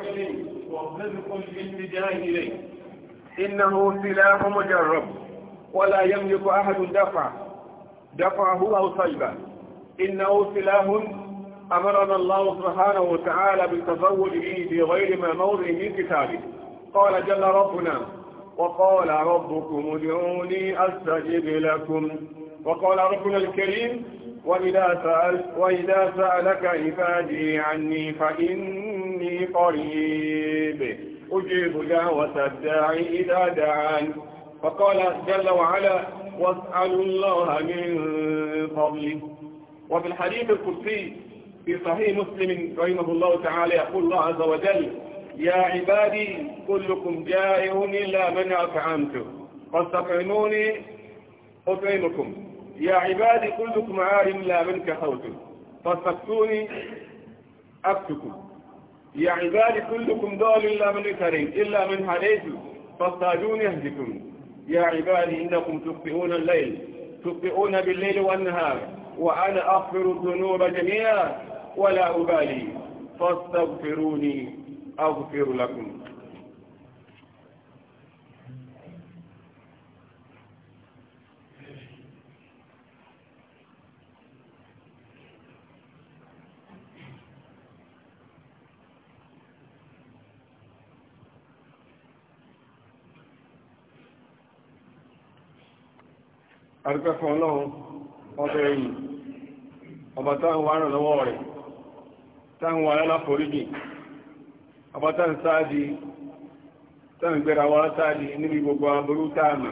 إليه ومبذق بالاتجاه إنه سلاح مجرب ولا يملك أحد دفع دفعه أو صيبه إنه سلاح أمرنا الله سبحانه وتعالى بالتزود به بغير ما موضع من كتابه قال جل ربنا وقال ربكم ادعوني أستجب لكم وقال ربنا الكريم وإذا, سأل وإذا سألك عبادي عني فإني إني قريب أجيب دعوة الداعي إذا دعان فقال جل وعلا واسألوا الله من فضله وفي الحديث القدسي في صحيح مسلم رحمه الله تعالى يقول الله عز وجل يا عبادي كلكم جائع إلا من أطعمته فاستطعموني أطعمكم يا عبادي كلكم عار إلا من كفوته فاستكتوني أكتكم يا عبادي كلكم دول إلا من كريم إلا من هديتم فاصطادون يهدكم يا عبادي إنكم تخطئون الليل تخطئون بالليل والنهار وأنا أغفر الذنوب جميعا ولا أبالي فاستغفروني أغفر لكم àdúgbò ọlọ́run ọbẹ̀ ẹ̀yìn ọba táwọn wà ràn lọ́wọ́ rẹ̀ táwọn wà lọ́la ọba sáàdì wá sáàdì níbi gbogbo aburú táàmà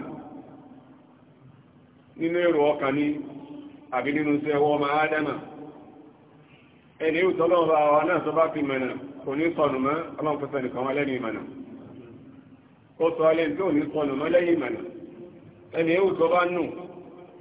nínú èrò ọkàn ní àbí nínú sí ẹwọ́ ọmọ ádámà ẹni ìtọ́lọ́wọ́ fi kò ní ọlọ́run sọ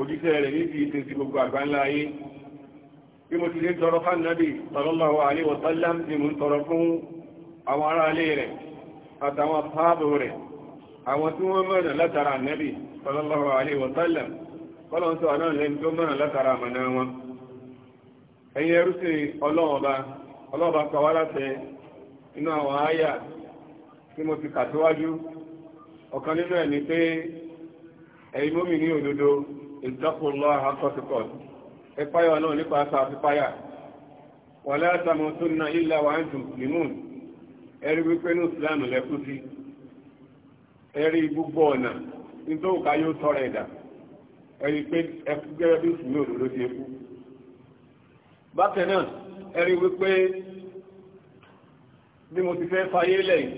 òjíṣẹ́ rẹ̀ níbi ìṣe sí gbogbo àgbáńlá ayé bí mo ti lè tọrọ fún nábì sallallahu alaihi wa ni mo ń tọrọ fún àwọn ará ilé rẹ̀ àtàwọn páàbù rẹ̀ àwọn tí wọ́n mọ̀nà látara nábì sallallahu alaihi wa sallam kọ́lọ̀ ń sọ ìtọ́kùnlọ́ àkọ́sìkọ́ ẹpáyà náà nípa àṣà àfipáyà wà látàmù tó ná ilẹ̀ wà ń tù nìmún ẹ̀rí wípé ní ìsìlámù lẹ́kú sí ẹ̀rí gbogbo ọ̀nà nítorí yóò tọrọ ẹ̀dà ẹ̀rí pé ẹkú gẹ́gẹ́ bí òdòdó ti ẹ̀rí wípé bí ti fẹ́ fayé lẹ́yìn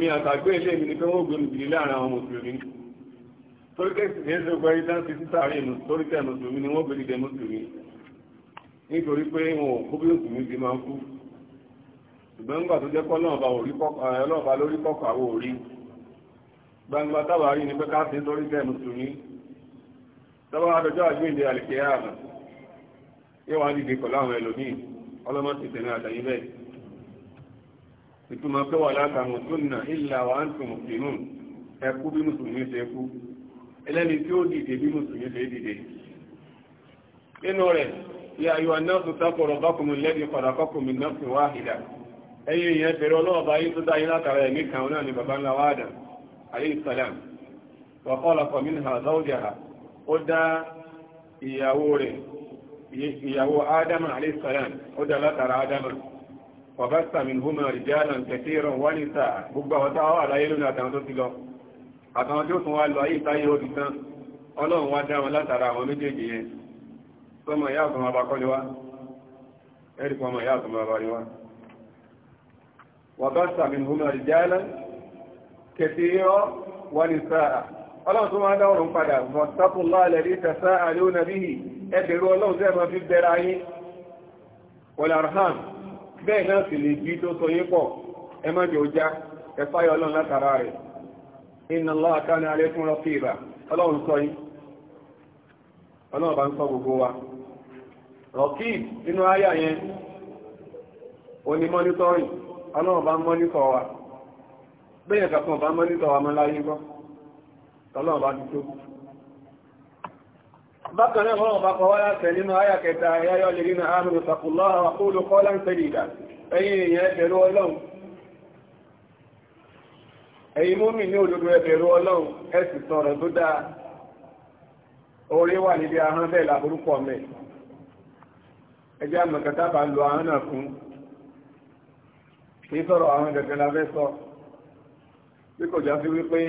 mi àtàgbé ilé mi ni pé wọ́n gbé mi àwọn toríkẹ́sì ní ẹ̀sẹ̀ ọgbà ìdá ti títà rí ẹnu toríkẹ́ mùsùlùmí ni wọ́n gbèrè mùsùlùmí nítorí pé wọn ò kó bí mùsùlùmí ti máa ń kú ṣùgbọ́n nígbà tó jẹ́ kọ́ ọlọ́ọ̀bá lórí kọ́kọ́ àwọn òrí gbangba tábà rí ni pé ká sí toríkẹ́ mùsùlùmí tábà àdọjọ́ àgbéǹde àlìkẹ́ àmà yóò wá dìde pẹ̀lú àwọn ẹlòmíì ọlọ́mọ ti tẹ̀lé àtàyè bẹ́ẹ̀ ìtumọ̀ pé wà látàmùsùn náà ìlà wà ń tùmùsùn ẹkú bí mùsùlùmí ṣe kú ẹlẹ́ni tí ó dìde bí mùsùlùmí ṣe dìde nínú rẹ̀ ya ayọ̀ anáàtò tápọ̀rọ̀ bákùnmù lẹ́bí pàdàkọ́kùnmù náàfin wáhìdá ẹ̀yìn èèyàn bẹ̀rẹ̀ ọlọ́ọ̀bá yìí tó dáyé látara ẹ̀mí kan náà ni bàbá ńlá wádà aleyhisselam wa khalaqa minha zawjaha ó dá ìyàwó rẹ̀ ìyàwó ádámà aleyhisselam ó dá látara ádámà wa bassa minhuma rijalan kathiran wa nisaa gbogbo àwọn táwọn àlàyé lónìí àtàwọn tó ti lọ àtàwọn tí ó tún wá lọ ayé ìtayé ó ti tán ọlọ́run wá dá wọn látara àwọn méjèèjì yẹn sọmọ ìyá àtọmọ abakọ́lé wá ẹ̀rìkọ́ ọmọ ìyá àtọmọ abarí wá wàbáṣà mi hùmọ̀ ìjálá kẹfì rọ́ wà ní sáà ọlọ́run tó máa dáwọ̀rún padà wọ́sápùnlá alẹ́rí tẹ̀sá àlẹ́ inna Allah kana alaykum raqiba ọlọ́run sọ yí ọlọ́run bá ń wa raqib nínú ayà yẹn oní mọ́nítọ́rìn ọlọ́run bá ń mọ́nítọ́ wa bẹ́yẹn kankan bá mọ́nítọ́ wa mọ́láyé gbọ́ ọlọ́run bá ti tó bákan náà ọlọ́run bá kọ wá láti ẹ̀yin múmi ní òdodo ẹbẹ̀rù ọlọ́run ẹ sì tó dáa orí wà níbi ahọ́n bẹ́ẹ̀ láborúkọ mẹ́ ẹjẹ́ àmọ̀kẹ́ta bá ń lo ahọ́n náà fún kì í ahọ́n gẹ̀gẹ́ la sọ bí kò sí wípé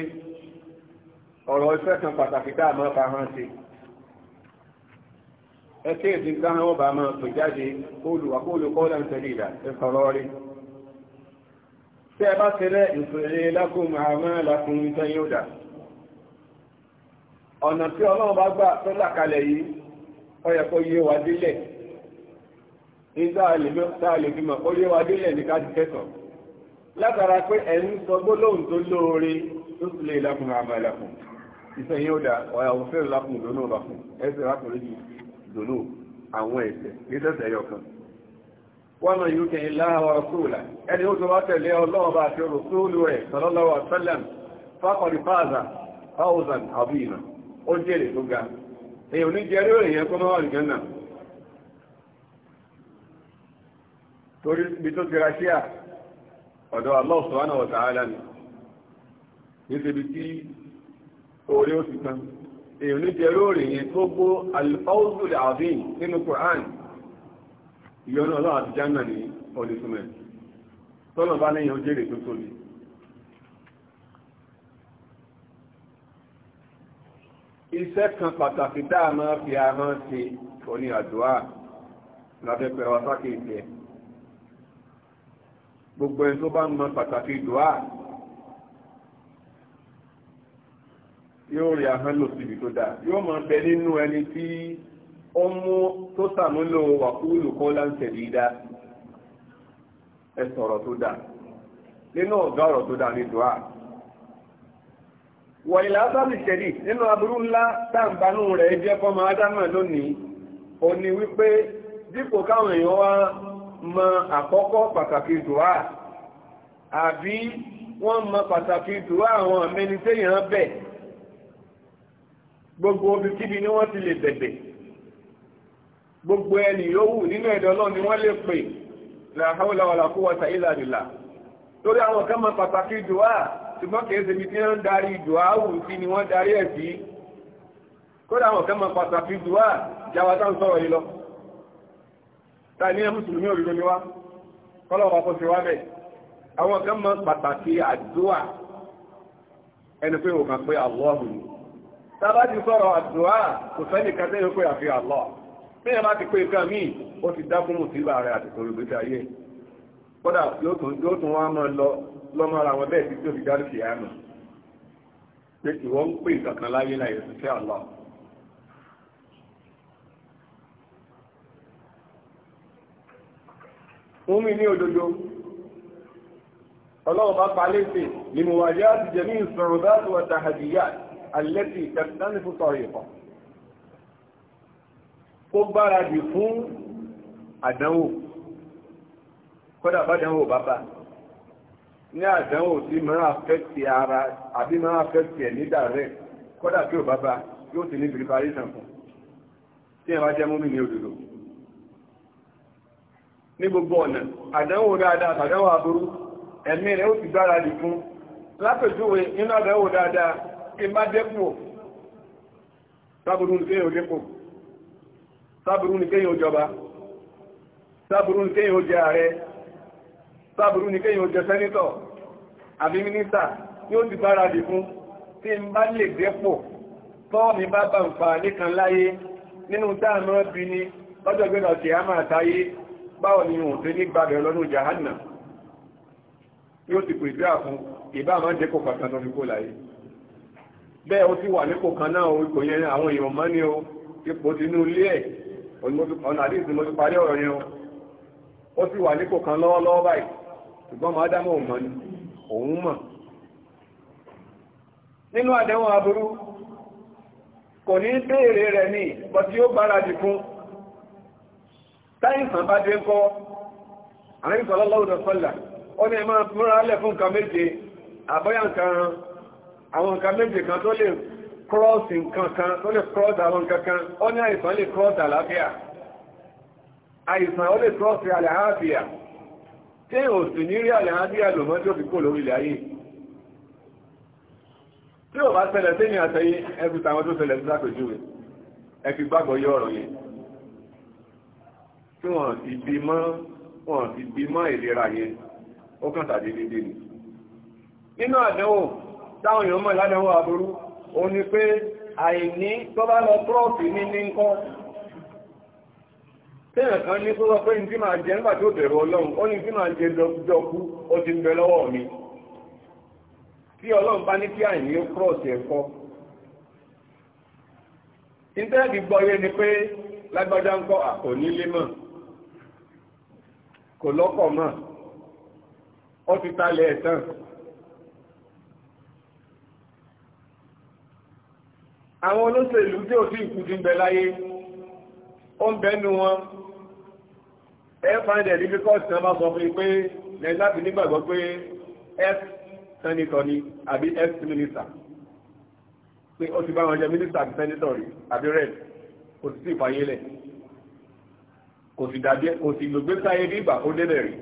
ọ̀rọ̀ iṣẹ́ kan pàtàkì tá ọba máa pè jáde kóòlù wà kóòlù ń tẹ̀lé ìdá tẹ́ ẹ bá ṣe rẹ̀ ìṣòrè lákùn àmọ́ lákùn ìtàn yóò dà ọ̀nà tí ọlọ́run bá gbà tó làkalẹ̀ yìí ó yíó kó yé wa délẹ̀ fi mọ̀ ní ká ti kẹ́sàn látara pé ẹ̀ń sọ gbólóhùn tó lóore tó sì lè àmọ́ yóò dà ومن يطع الله ورسوله أن يتبعك لي الله بعد رسوله صلى الله عليه وسلم فقد فاز فوزا عظيما أجري تبقى هي ونجري وهي يكون هو الجنة torí bí tó ti ra èyàn ní jẹ́ lóòrè tó gbó al-fawzul nínú Qur'an ìyọ́nà ọlọ́wà àti jánà ní ọdísúnmẹ̀ tọ́lọ̀ bá lẹ́yìn ojèrè tó tóbi iṣẹ́ kan pàtàkì dáa máa fi ahọ́n ṣe kò ní àdúrà lábẹ́pẹ́ wa sáké ìfẹ́ gbogbo ẹni tó bá ń mọ pàtàkì dùá yóò rí ahọ́n lò síbi tó dáa yóò máa bẹ nínú ẹni tí ó mú tó sàmúlò wàkúlù kó láǹtẹ̀ yìí dá ẹ sọ̀rọ̀ tó dáa nínú ọ̀gá ọ̀rọ̀ tó dáa ní dùá wọ̀nyí làásàbì ṣẹ̀dì nínú aburú ńlá táǹbánú rẹ̀ jẹ́ fọ́mọ ádámà lónìí ó ní wípé dípò káwọn èèyàn wá mọ àkọ́kọ́ pàtàkì dùá àbí wọ́n mọ pàtàkì dùá àwọn àmẹ́ni téèyàn bẹ̀ gbogbo obìkíbi ni wọ́n ti lè bẹ̀bẹ̀ gbogbo ẹni yòówù nínú ẹ̀dọ̀ Ọlọ́run ni wọ́n lè pè la hawla wala quwwata illa billah lórí àwọn kan mọ pàtàkì dùá ṣùgbọ́n kìí ṣe bí tí wọ́n darí dùá wù sí ni wọ́n darí ẹ̀ kódà àwọn kan mọ pàtàkì dùá jáwa ń sọ̀rọ̀ yìí lọ ta ní mùsùlùmí òrìrò ni wá kọ́lọ̀wọ́ kó ṣe wá bẹ̀ àwọn kan mọ pàtàkì àdúà ẹni pé òkàn pé Allah ni tábà sọ̀rọ̀ àdúà kò sẹ́nìkan tẹ́lẹ̀ pé àfi Allah mẹ́rin bá ti pé nǹkan míì ó ti dá fún mùsíbà rẹ̀ àti torí gbèsè ayé kódà yóò tún wá mọ́ lọ lọ́mọ ara wọn bẹ́ẹ̀ tí tí ó fi dárí sí àmì pé ìwọ ń pè kankan láyé láyé sí àlọ́ fún mi ní òdodo ọlọ́run bá pa lẹ́sẹ̀ ni mo wà yá ti jẹ́ ní bá tó wà tàhàdìyà alẹ́sì tẹ̀sán sọ̀rọ̀ ìkọ̀ kó gbáradì fún àdánwò kódà bádánwò bàbá ní àdánwò tí máa fẹ́tì ara àbí máa fẹ́tì ẹ̀ ní dàrẹ́ kódà kí ò bàbá yóò ti ní preparation fún tí ẹ̀ bá jẹ́ mú mi ní òdòdó ní gbogbo ọ̀nà àdánwò dáadáa àdánwò aburú ẹ̀mí rẹ̀ ó ti gbáradì fún lápẹ̀júwe nínú àdánwò dáadáa kí n bá dépò sábúrú sábúrú ní kéyìn òjọba sábúrú ní kéyìn òjẹ ààrẹ sábúrú ní kéyìn òjẹ sẹ́nítọ̀ àbí mínísà tí ó ti bára dì fún tí ń bá lè dépò tọ́ọ̀mí bá bá ń fa nìkan láyé nínú táàmù bí ní lọ́jọ́ gbẹ́nà ti a máa táyé báwo ni òun ti ní gbàbẹ̀ lọ́nà jahanna yóò ti pèsè àfún ìbá máa ń dépò pàtàkì lórí kó láyé bẹ́ẹ̀ ó ti wà nípò kan náà orí kò yẹn àwọn èèyàn mọ́ ni ó ipò tinú ilé ẹ̀ ọ̀nà àdíṣì mo ti parí ọ̀rọ̀ yẹn ó sì wà nípò kan lọ́wọ́lọ́wọ́ báyìí ṣùgbọ́n ma dámọ̀ òun ni òun mọ̀ nínú àdéhùn aburú kò ní béèrè rẹ̀ ní bọ̀ tí ó gbáradì fún táìsàn bá dé kọ́ kírọ́ọ̀sì nǹkankan ó lè kírọ́ọ̀sì àwọn nǹkankan ó ní àìsàn lè kírọ́ọ̀sì àlàáfíà àìsàn ó lè kírọ́ọ̀sì àlàáfíà tí ò sì ní rí àlàáfíà lò mọ́ tí ó fi kó lórí ilẹ̀ ayé tí ò bá ṣẹlẹ̀ sí ní àtẹ̀yìn ẹbí tàwọn tó ṣẹlẹ̀ sí lápèjúwe ẹ fi gbàgbọ́ yọ ọ̀rọ̀ yẹn tí wọ́n ti bí mọ́ wọ́n ti bí mọ́ ìlera yẹn ó ní pé àìní tó lọ trọ́ọ̀tì ní ní ńkọ́ téèyàn ní tó pé ní tí máa jẹ nígbà tó bẹ̀rọ ọlọ́run ó ní tí máa jẹ jọkú ó ti ń bẹ lọ́wọ́ mi tí ọlọ́run bá ní kí àìní trọ́ọ̀tì ẹ̀kọ́ gbọ́yé ni pé lágbájá ń kọ́ àkò nílé mọ̀ kò lọ́kọ̀ mọ̀ ó àwọn olóṣèlú tí ò sí ìkùdí ń bẹ láyé ó ń bẹnu wọn airfinder ní bíkọ́sì náà bá sọ fún pé nàìjíríà fi nígbàgbọ́ pé f senator ni àbí f minister pé ó ti bá wọn jẹ minister àti senator rí àbí red kò sì sí ìfàyélẹ̀ kò sì dàbí kò sì gbogbo sáyé bí ìgbà ó débẹ̀ rí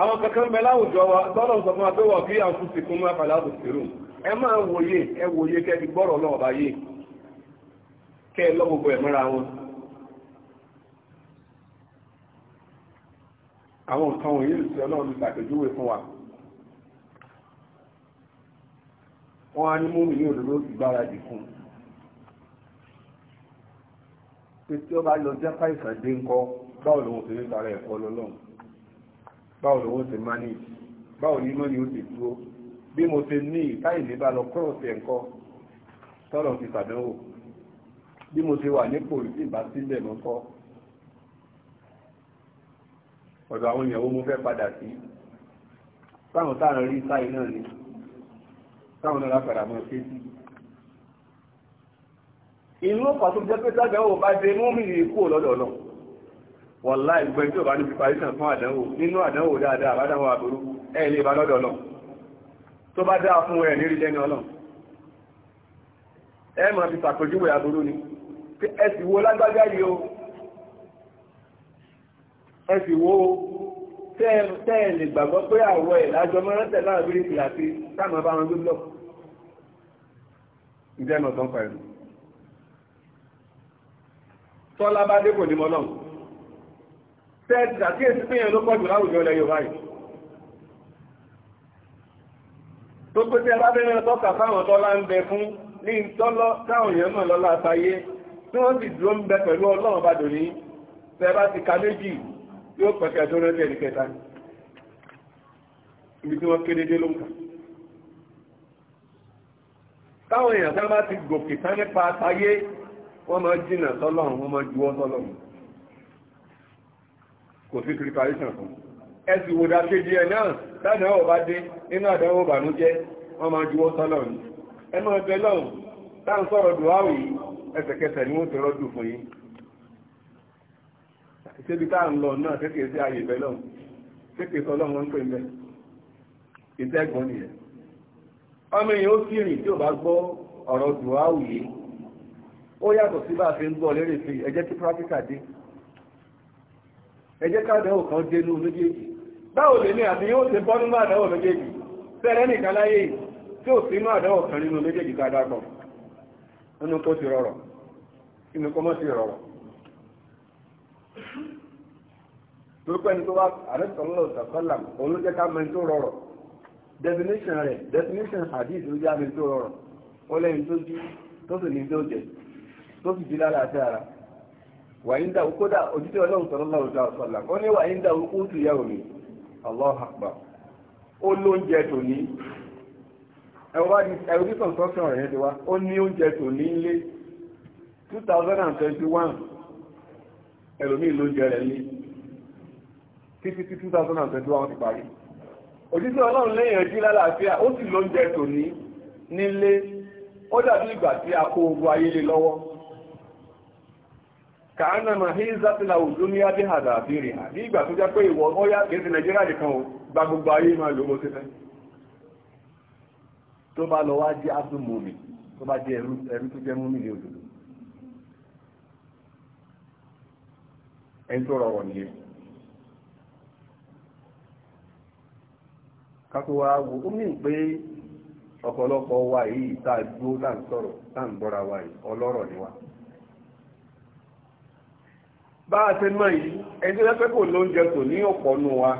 àwọn kankan bẹ láwùjọ wa tọ́lọ̀ sọ fún wa pé wọ́n fi àwọn fún sí fún wọn fàlà àbùsírùn ẹ máa wòye ẹ wòye kẹ́bi gbọ́rọ̀ náà bá yé kẹ́ ẹ lọ́gbogbo ẹ̀ mọ́ra wọn àwọn nǹkan wọ̀nyí ìṣẹ́ náà ló ṣàpèjúwe fún wa wọ́n á ní múmi ní òdòdó ìgbáradì fún pé tí ó bá lọ jápá ìsàdé ńkọ́ báwo lòun ti ní tara ẹ̀kọ́ lọ́lọ́run báwo lòun ti manage báwo ní mọ́ni ó ti dúró bí mo ṣe ní ìkáyì ní bá lọ kọ́rọ̀sì ẹ̀kọ́ tọ́lọ̀ ti sàdánwò bí mo ṣe wà nípò ìsìn ìbá sílẹ̀ mọ́ kọ́ ọ̀dọ̀ àwọn èèyàn mo fẹ́ padà sí táwọn táàrin rí sáì náà ni táwọn náà lápàdà mọ́ ṣe sí inú ọ̀pá tó jẹ́ pé sàdánwò bá dé mú mi rí kúrò lọ́dọ̀ náà wọ̀lá ìgbẹ́ tí ò bá ní preparation fún àdánwò nínú àdánwò dáadáa àbádánwò àbúrú ẹ̀ lè bá lọ́dọ̀ náà tó bá dáa fún ẹ̀ nírí lẹ́ni ọlọ́run ẹ mọ̀ fi ṣàpèjúwe àbúrú ni ẹ sì wo lágbájá yìí o ẹ sì wo tẹ́ ẹ lè gbàgbọ́ pé àwọ̀ ẹ̀ lájọ mọ́rán tẹ̀ láàrin bíríkì àti táàmù bá wọn gbúdọ̀ ìjẹ́ mọ̀ tán pa ẹ̀rù tọ́lá bá dé kò ní mọ́ lọ́run tẹ́ ẹ ti ṣàkíyèsí pé yẹn ló pọ̀ jù láwùjọ ilẹ̀ Yorùbá yìí tó pé tí arábẹ́rẹ́ tọ́ka fáwọn tọ́lá ń bẹ fún ní tọ́lọ́ táwọn èèyàn mọ̀ lọ́lá àtayé tí wọ́n sì dúró ń bẹ pẹ̀lú ọlọ́run bá dòní tẹ́ bá ti ka méjì yóò pẹ̀kẹ́ tó rẹ́ ẹni kẹta ibi tí wọ́n kéde dé ló ń kà táwọn èèyàn tá bá ti gòkè tán nípa àtayé wọ́n máa jìnnà tọ́lọ́run wọ́n máa juwọ́ tọ́lọ́run kò sí preparation fún un ẹ̀sì wòdà kejì ẹ̀ náà tádàáwò bá dé inú àdáwò bànújẹ́ wọ́n máa juwọ́ sọ́lọ̀ ní taa ọbẹ̀ lọ́hùn táà ń sọ̀rọ̀ ẹsẹ̀kẹsẹ̀ ni wọ́n ti rọ́dù fún yín ìṣẹ́bi táà ń lọ náà kéèkéé sí ààyè ìbẹ̀ lọ́hùn kéèkéé sọ wọn ń pè mẹ́ ìtẹ́gbọ́n nìyẹn ọmọ èèyàn ó sì rìn tí ò bá gbọ́ ọ̀rọ̀ yìí ó yàtọ̀ sí bá a fi ń gbọ́ lérè fi ẹjẹ́ tí báwo lè ní àti yóò ṣe bọ́ nínú àdáwò méjèèjì tẹ́rẹ́ nìkan láyé tí ò sí inú àdáwò kan nínú méjèèjì ká dágbọ̀ inú kó ti rọrọ̀ inú kó mọ́ sí rọrọ̀ tó wá àrẹ́sọ̀lọ́ tó rọrọ̀ definition rẹ̀ definition hadith ló tó rọrọ̀ ó lẹ́yìn tó jí tó sì ní tó jẹ tó ọlọ́run sọ̀rọ̀ lọ́wọ́ sọ̀rọ̀ ó ní allah akbar ó lóúnjẹ ní ẹ̀rọ rẹ̀ ti wá ó ní oúnjẹ 2021 ẹlòmíì lóúnjẹ rẹ̀ ní títí tí 2021 ti parí ọlọ́run lẹ́yìn ẹjí lálàáfíà ó sì lóúnjẹ nílé ó dàbí ìgbà tí a kó ogun ayé lé lọ́wọ́ ka ma hí zátìlà òjò ní adé àdà àfíìrì hà ní ìgbà tó jẹ́ pé ìwọ̀ ọyá kìí nàìjíríà nìkan gba gbogbo ayé ma lòó sí fẹ́ tó bá lọ wá jẹ́ asúmọ̀mì tó bá jẹ́ wa wa ni wa. bá a ti mọ̀ yìí ẹni tó lẹ́pẹ́ kò lóúnjẹ tò ní ọ̀pọ̀ nù wa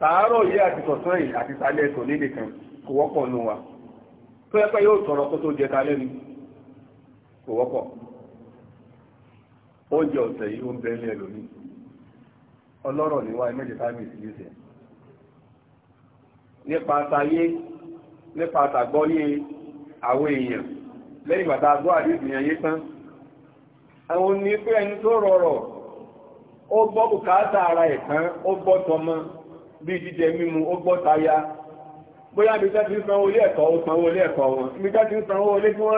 tàárọ̀ yìí àti tọ̀sán yìí àti sálẹ̀ tò ní nìkan kò wọ́pọ̀ nù wa tọrọ kó tó jẹ kalẹ́ ni kò wọ́pọ̀ oúnjẹ ọ̀sẹ̀ yìí ó ń bẹ ilé lónìí ọlọ́rọ̀ ni sí àwọn ní pé ẹni tó rọrọ̀ ó gbọ́ bùkátà ara ẹ̀ ó gbọ́ tọmọ bí jíjẹ mímu ó gbọ́ taya bóyá bí tẹ́ ti ń sanwó ilé ẹ̀kọ́ ó sanwó ẹ̀kọ́ wọn bí tẹ́ ti ń sanwó ilé tí wọ́n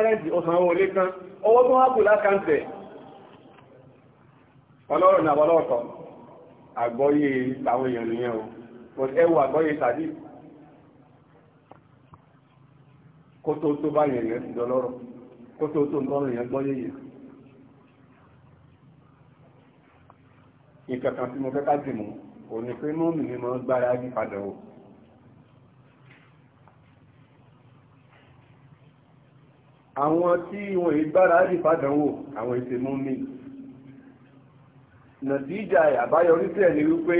owó tó wá kù lákàntẹ̀ ọlọ́rọ̀ nǹkan kan tí mo fẹ́ ká dìmú òní pé mọ́mì ni mo ń gbára yí padà wò àwọn tí wọ́n yìí gbára yí padà wò àwọn ètè mọ́mì nàdíjà àbáyọrí tẹ̀ ní wípé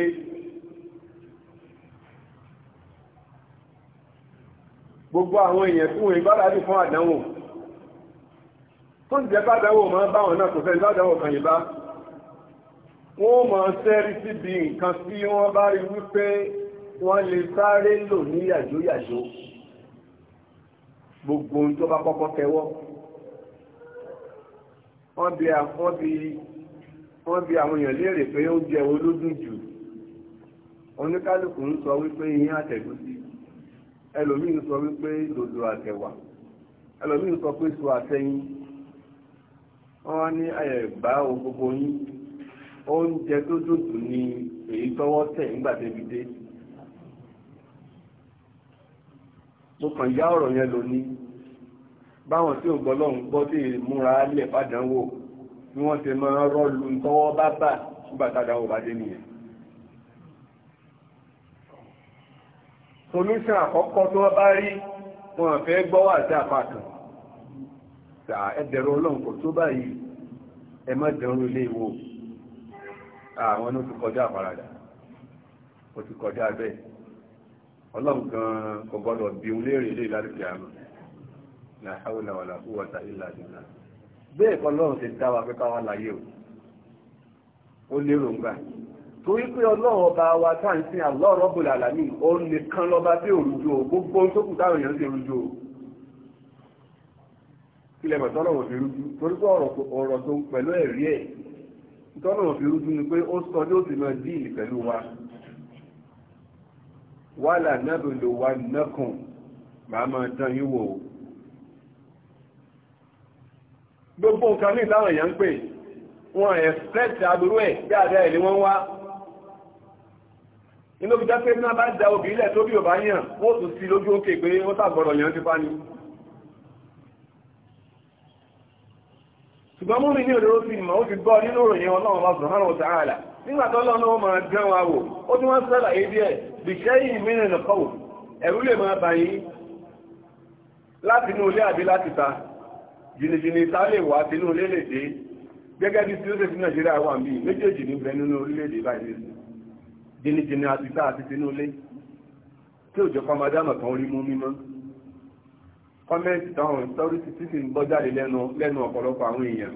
gbogbo àwọn èèyàn tí wọ́n ìbára ní fún àdánwò tó ń jẹ́ bá dánwò máa báwọn náà kò fẹ́ ìbá dánwò kan ìbá wọ́n máa sẹ́rí síbi nǹkan tí wọ́n bá rí wípé wọ́n lè sáré lò ní yàjóyàjó gbogbo ohun tó bá kọ́kọ́ tẹ́wọ́ wọ́n bi wọ́n bi àwọn èèyàn léèrè pé ó jẹ́ olódùn jù oníkálùkù ń sọ wípé iyán àtẹ̀gúsí ẹlòmíì ń sọ wípé dòdò àtẹ̀wà ẹlòmíì ń sọ pé so àtẹ̀yìn wọ́n ní ẹ̀bá o gbogbo yín oúnjẹ tó dòdò ni èyí tọ́wọ́ tẹ̀ nígbà débi dé mo kàn yá ọ̀rọ̀ yẹn lónìí báwọn tí ò gbọ́ lọ́hùn gbọ́ tí múra lẹ̀ fàdánwò bí wọ́n ti máa rọ́lu tọ́wọ́ bá bà nígbà tádàwò bá dé nìyẹn solúṣàn àkọ́kọ́ tó bá rí wọn fẹ́ gbọ́ wà sí apá ẹ̀dẹ̀rọ ọlọ́run tó báyìí ẹ má dẹ̀rọ ilé ìwò àwọn ní ó ti kọjá àfaradà ó ti kọjá bẹ́ẹ̀ ọlọ́run gan kò gbọ́dọ̀ bí un léèrè ilé ìlàlùkì àmà la hawla wala quwwata illa billah bẹ́ẹ̀ kọ́ lọ́run ti dá wa pé káwa láyé o ó lérò ń gbà torí pé ọlọ́run ọba wa tá à ń sin Allah Rabbul Alamin òun nìkan lọ́ba tí òrùjò gbogbo ohun tó kù táwọn èèyàn ti rújò kílẹ̀ mọ̀tọ́lọ́wọ̀ fi rújú torí pé ọ̀rọ̀ tó ń pẹ̀lú ẹ̀rí ẹ̀ ìtọ́nà òfin rújú ni pé ó sọ ní òsì náà díìlì pẹ̀lú wa wà lànàbò lò wà nẹ́kùn màá máa dán yín wò ó gbogbo nǹkan ní ìlànà èèyàn ń pè wọn ẹ̀fẹ́tì aburú ẹ̀ dáadáa ẹ̀ ni wọ́n wá inú bí dápé náà bá da obì ilẹ̀ tó bí ò bá yàn wọ́n tún sí lójú òkè pé ó tàgbọ̀rọ̀ yàn ti pa ni. ṣùgbọ́n mú mi ní òdòdó sí ìmọ̀ ó ti gbọ́ nínú òròyìn ọlọ́run bá subhanahu wa ta'ala nígbà tó lọ́nà gbẹ́ wa wò ó tún wọ́n sẹ́là èdè ẹ̀ bí ṣẹ́yìn mìíràn ẹ̀rú lè máa láti àbí láti ta jìnnìjìnnì ta lè wà sínú ilé lè dé gẹ́gẹ́ bí sílẹ̀ sí nàìjíríà wà bí méjèèjì ní nínú orílẹ̀-èdè báyìí kọ́mẹ́ǹtì táwọn ìtọ́rìsì tí sì ń bọ́ jáde lẹ́nu ọ̀pọ̀lọpọ̀ àwọn èèyàn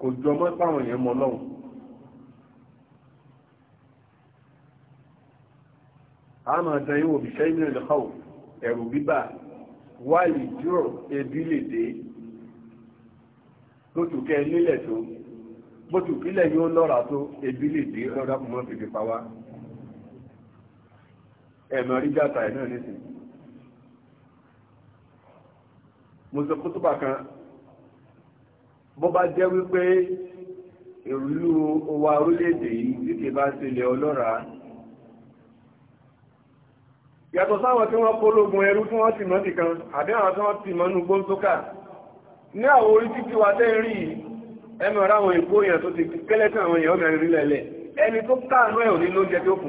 kò jọ mọ́ páwọn èèyàn mọ́ lọ́hùn àmọ́ ọ̀dàn yíwò bí ṣẹ́yìn rẹ̀ lọ́wọ́ ẹ̀rù bíbà wáyé jùrọ̀ ebi lè dé lótùkẹ́ nílẹ̀ tó bótùkílẹ̀ yóò lọ́ra tó ebi lè dé lọ́dá kùmọ́ fìfipá wá ẹ̀mọ̀ rí játa ẹ̀ náà nísìnyí mo sọ kútùbà kan bó bá jẹ́ wípé ìlú wa orílẹ̀-èdè yìí tí kì bá ti lẹ̀ ọlọ́ra yàtọ̀ sáwọn tí wọ́n pológun ẹrú tí wọ́n ti mọ́ nìkan àbí àwọn tí wọ́n ti mọ́ nú gbóntókà ní àwọn orí títí wa tẹ́ rí ẹmọ̀ ráwọn èkó èèyàn tó ti kẹ́lẹ́tàn àwọn èèyàn mẹ́rin rí lẹ́lẹ̀ ẹni tó káànú ẹ̀ ò ní lóúnjẹ tó kù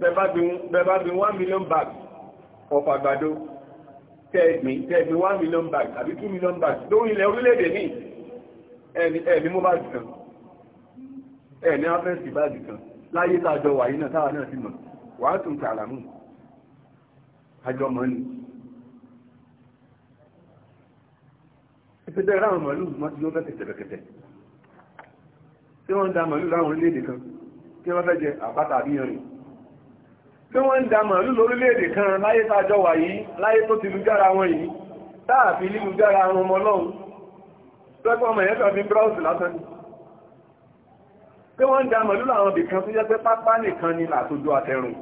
bẹ́bá bí one million bag of àgbàdo tẹ́ẹ̀gbìn tẹ́ẹ̀gbìn one million bag àbí two million bag lórí ilẹ̀ orílẹ̀-èdè ní ẹ̀ẹ̀ni mú báàgì kan ẹ̀ẹ̀ni afẹ́sì báàgì kan láyé tàjọ wàyí náà táwà náà sí mọ̀ wàá tún tààlàmù àjọ mọ́ ni ìpẹ́tẹ́ ráhùn màlúù mọ́ ti ló fẹ́ kẹ̀tẹ̀kẹ̀tẹ̀ tí wọ́n ń da màlúù láwọn orílẹ̀-èdè kan tí wọ́n fẹ́ jẹ àpáta àbíyàn rẹ̀ tí wọ́n ń da màálù lórílẹ̀-èdè kan láyé tàjọ wà yìí láyé tó ti lújára wọn yìí táàfi lílújára wọn ọmọ lọ́hun tọ́pọ̀ ọmọ ẹ̀yẹ́ tọ́bí browse lásán ni tí wọ́n ń da màálù láwọn ibì kan tó jẹ́ pé pápá nìkan ni làtójú àtẹrùn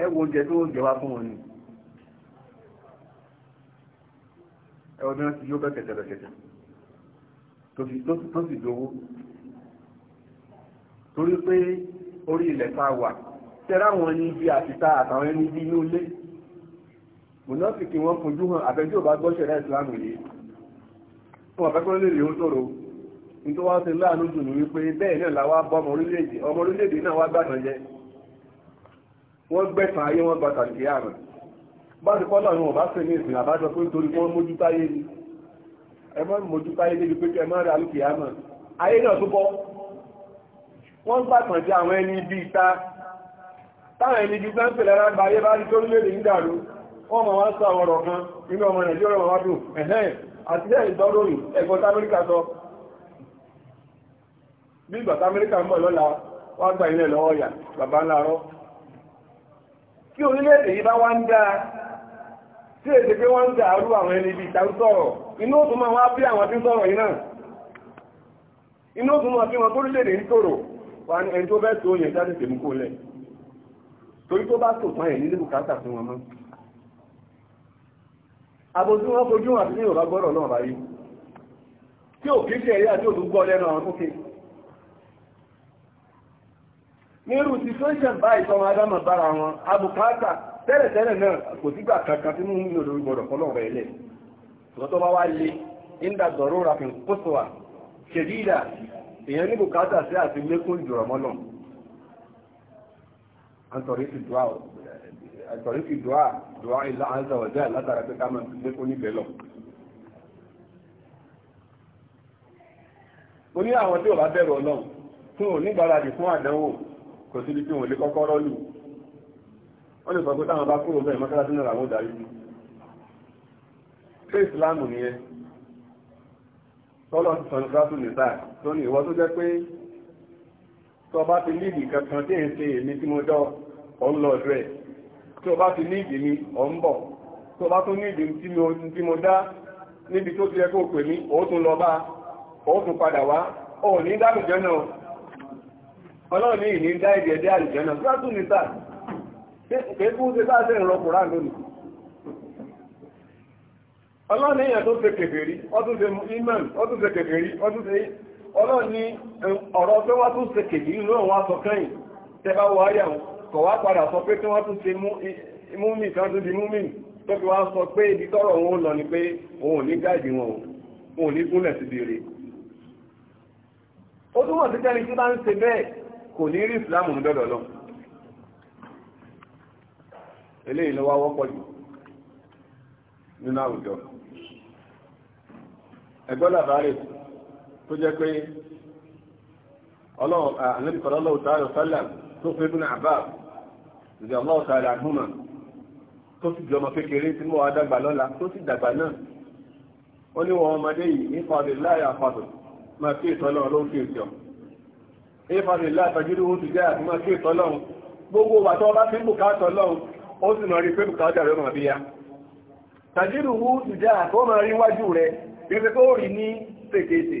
ẹ wo oúnjẹ tó torí pé orí ilẹ̀ wà tẹ́rá wọn ní ibi àtìta àtàwọn ẹni bí inú ilé mùnáfìkì wọn fojú hàn àfẹ́jú ò bá gbọ́ ṣẹ̀rẹ́ ìsìlámù yìí fún àfẹ́kọ́ lè rí ó tòrò nítorí wọ́n ti láàánú jù ní wípé bẹ́ẹ̀ náà làwọn abọ́ ọmọ orílẹ̀-èdè ọmọ orílẹ̀-èdè náà wá gbàtàn jẹ wọ́n gbẹ̀sán ayé wọn gbàtàn kìí àmì bá ti kọ́lọ̀ ní ọ̀bá sẹ́ni ìsìn àbájọ pé nítorí wọ́n mójú táyé ni ẹ mọ́ mójú táyé débi pé kẹ mọ́ rẹ̀ alùpùpù àmọ́ ayé náà tó bọ́ wọ́n gbàtàn jẹ àwọn ẹni bí ìta táwọn ẹni ibi sáńpẹ̀ lára ń báyé bá rí tó lè ní dàrú wọ́n ma wá sọ ọ̀rọ̀ kan inú ọmọ nàìjíríà wọ́n wá dùn ẹ̀hẹ́n àti ẹ̀ ìdọ́rọ̀rì ẹ̀kọ́ tamẹ́ríkà sọ bí ìgbà tamẹ́ríkà ń bọ̀ lọ́la wá gba ilẹ̀ lọ́wọ́ yà bàbá ńláàrọ́ kí orílẹ̀-èdè yìí bá wá ń dáa tí èdè pé wọ́n ń dàrú àwọn ẹni ibi ìtàrú sọ̀rọ̀ inú òtún máa wá bí àwọn tí ń sọ̀rọ̀ yìí náà inú òtún máa fi wọn tó orílẹ̀-èdè ń tòrò wà ní ẹni tó bẹ́ẹ̀ tó yẹn jáde tèmú kó lẹ̀ torí tó bá tò tán ẹ̀ nílé bùkátà sí wọn mọ́ àbò tí wọ́n fojú àti ní ọ̀rọ̀ gbọ́rọ̀ náà báyìí tí ò kí ṣe ẹ̀yà tí ò gbọ́ lẹ́nu àwọn tókè nírú situation báyìí tọ́mọ adámọ̀ bára wọn abùkátà tẹ́lẹ̀tẹ́lẹ̀ náà kò kankan tí mú mi ò rẹ̀ عن طريق الدعاء عن طريق الدعاء دعاء الله عز وجل لا ترى بك عمل تسلكني بلو mo ní àwọn tí ò bá bẹ̀rù ọlọ́run tó ò nígbàradì fún àdánwò kò sí ibi tí wọ́n lè kọ́kọ́rọ́ lù wọ́n lè sọ pé táwọn bá kúrò bẹ́ẹ̀ mọ́sálásí náà làwọn darí ṣé ìsìláàmù nìyẹn tọ́lọ́ ti sọ ní sáà tó ní ìwọ tó jẹ́ pé tó bá ti níbi kankan tí è ṣe èmi tí mo dọ́ ọlọ́dọ̀ tí tó bá ti níbi mi ọ̀ ń bọ̀ tó bá tún níbi tí mo dá níbi tó ti ẹ kó pè mí ó tún lọ bá ó tún padà wá ó ní dálùjẹ́ náà ọlọ́run ní ìní dá ìdí ẹ̀dẹ́ náà tó tún ní sáà kéékú ṣe kùrán lónìí ọlọ́run èèyàn tó ṣe kèfèrí ọdún ṣe imam ọdún ṣe kèfèrí ọdún ṣe ọlọ́run ní ọ̀rọ̀ pé wọ́n tún ṣe kèbí lóòrùn wá sọ kẹ́yìn tẹ́bá wọ ayà kọ̀ wá padà sọ pé tí wọ́n tún ṣe múmi kan tún di múmi tó fi wá sọ pé ibi tọ́rọ̀ òun lọ ni pé òun ò ní gáàdì wọn òun ò ní gúnlẹ̀ sí bèrè ó túmọ̀ sí kẹ́ni tí bá ń ṣe bẹ́ẹ̀ kò ní rí ìsìlámù ní dọ́dọ̀ lọ eléyìí ló wá wọ́pọ̀ jù nínú àwùjọ ẹgbọ́n làbárẹ̀ tó jẹ́ pé ọlọ́ọ̀tàlọ́wọ́ tààrà sálà tó fẹ́ bí náà bá ìdí tó sì jọmọ kékeré tí mọ́ adágbà lọ́la tó sì dàgbà náà ó ní wọn ọmọdé yìí nífàdé láyà àpapọ̀ máa kí ìtọ́lọ́ ló ń kí ìtọ́ nífàdé látàjúrú ó ti jẹ́ gbogbo fi ń rí rẹ̀ ya ó rí ní pèkèsè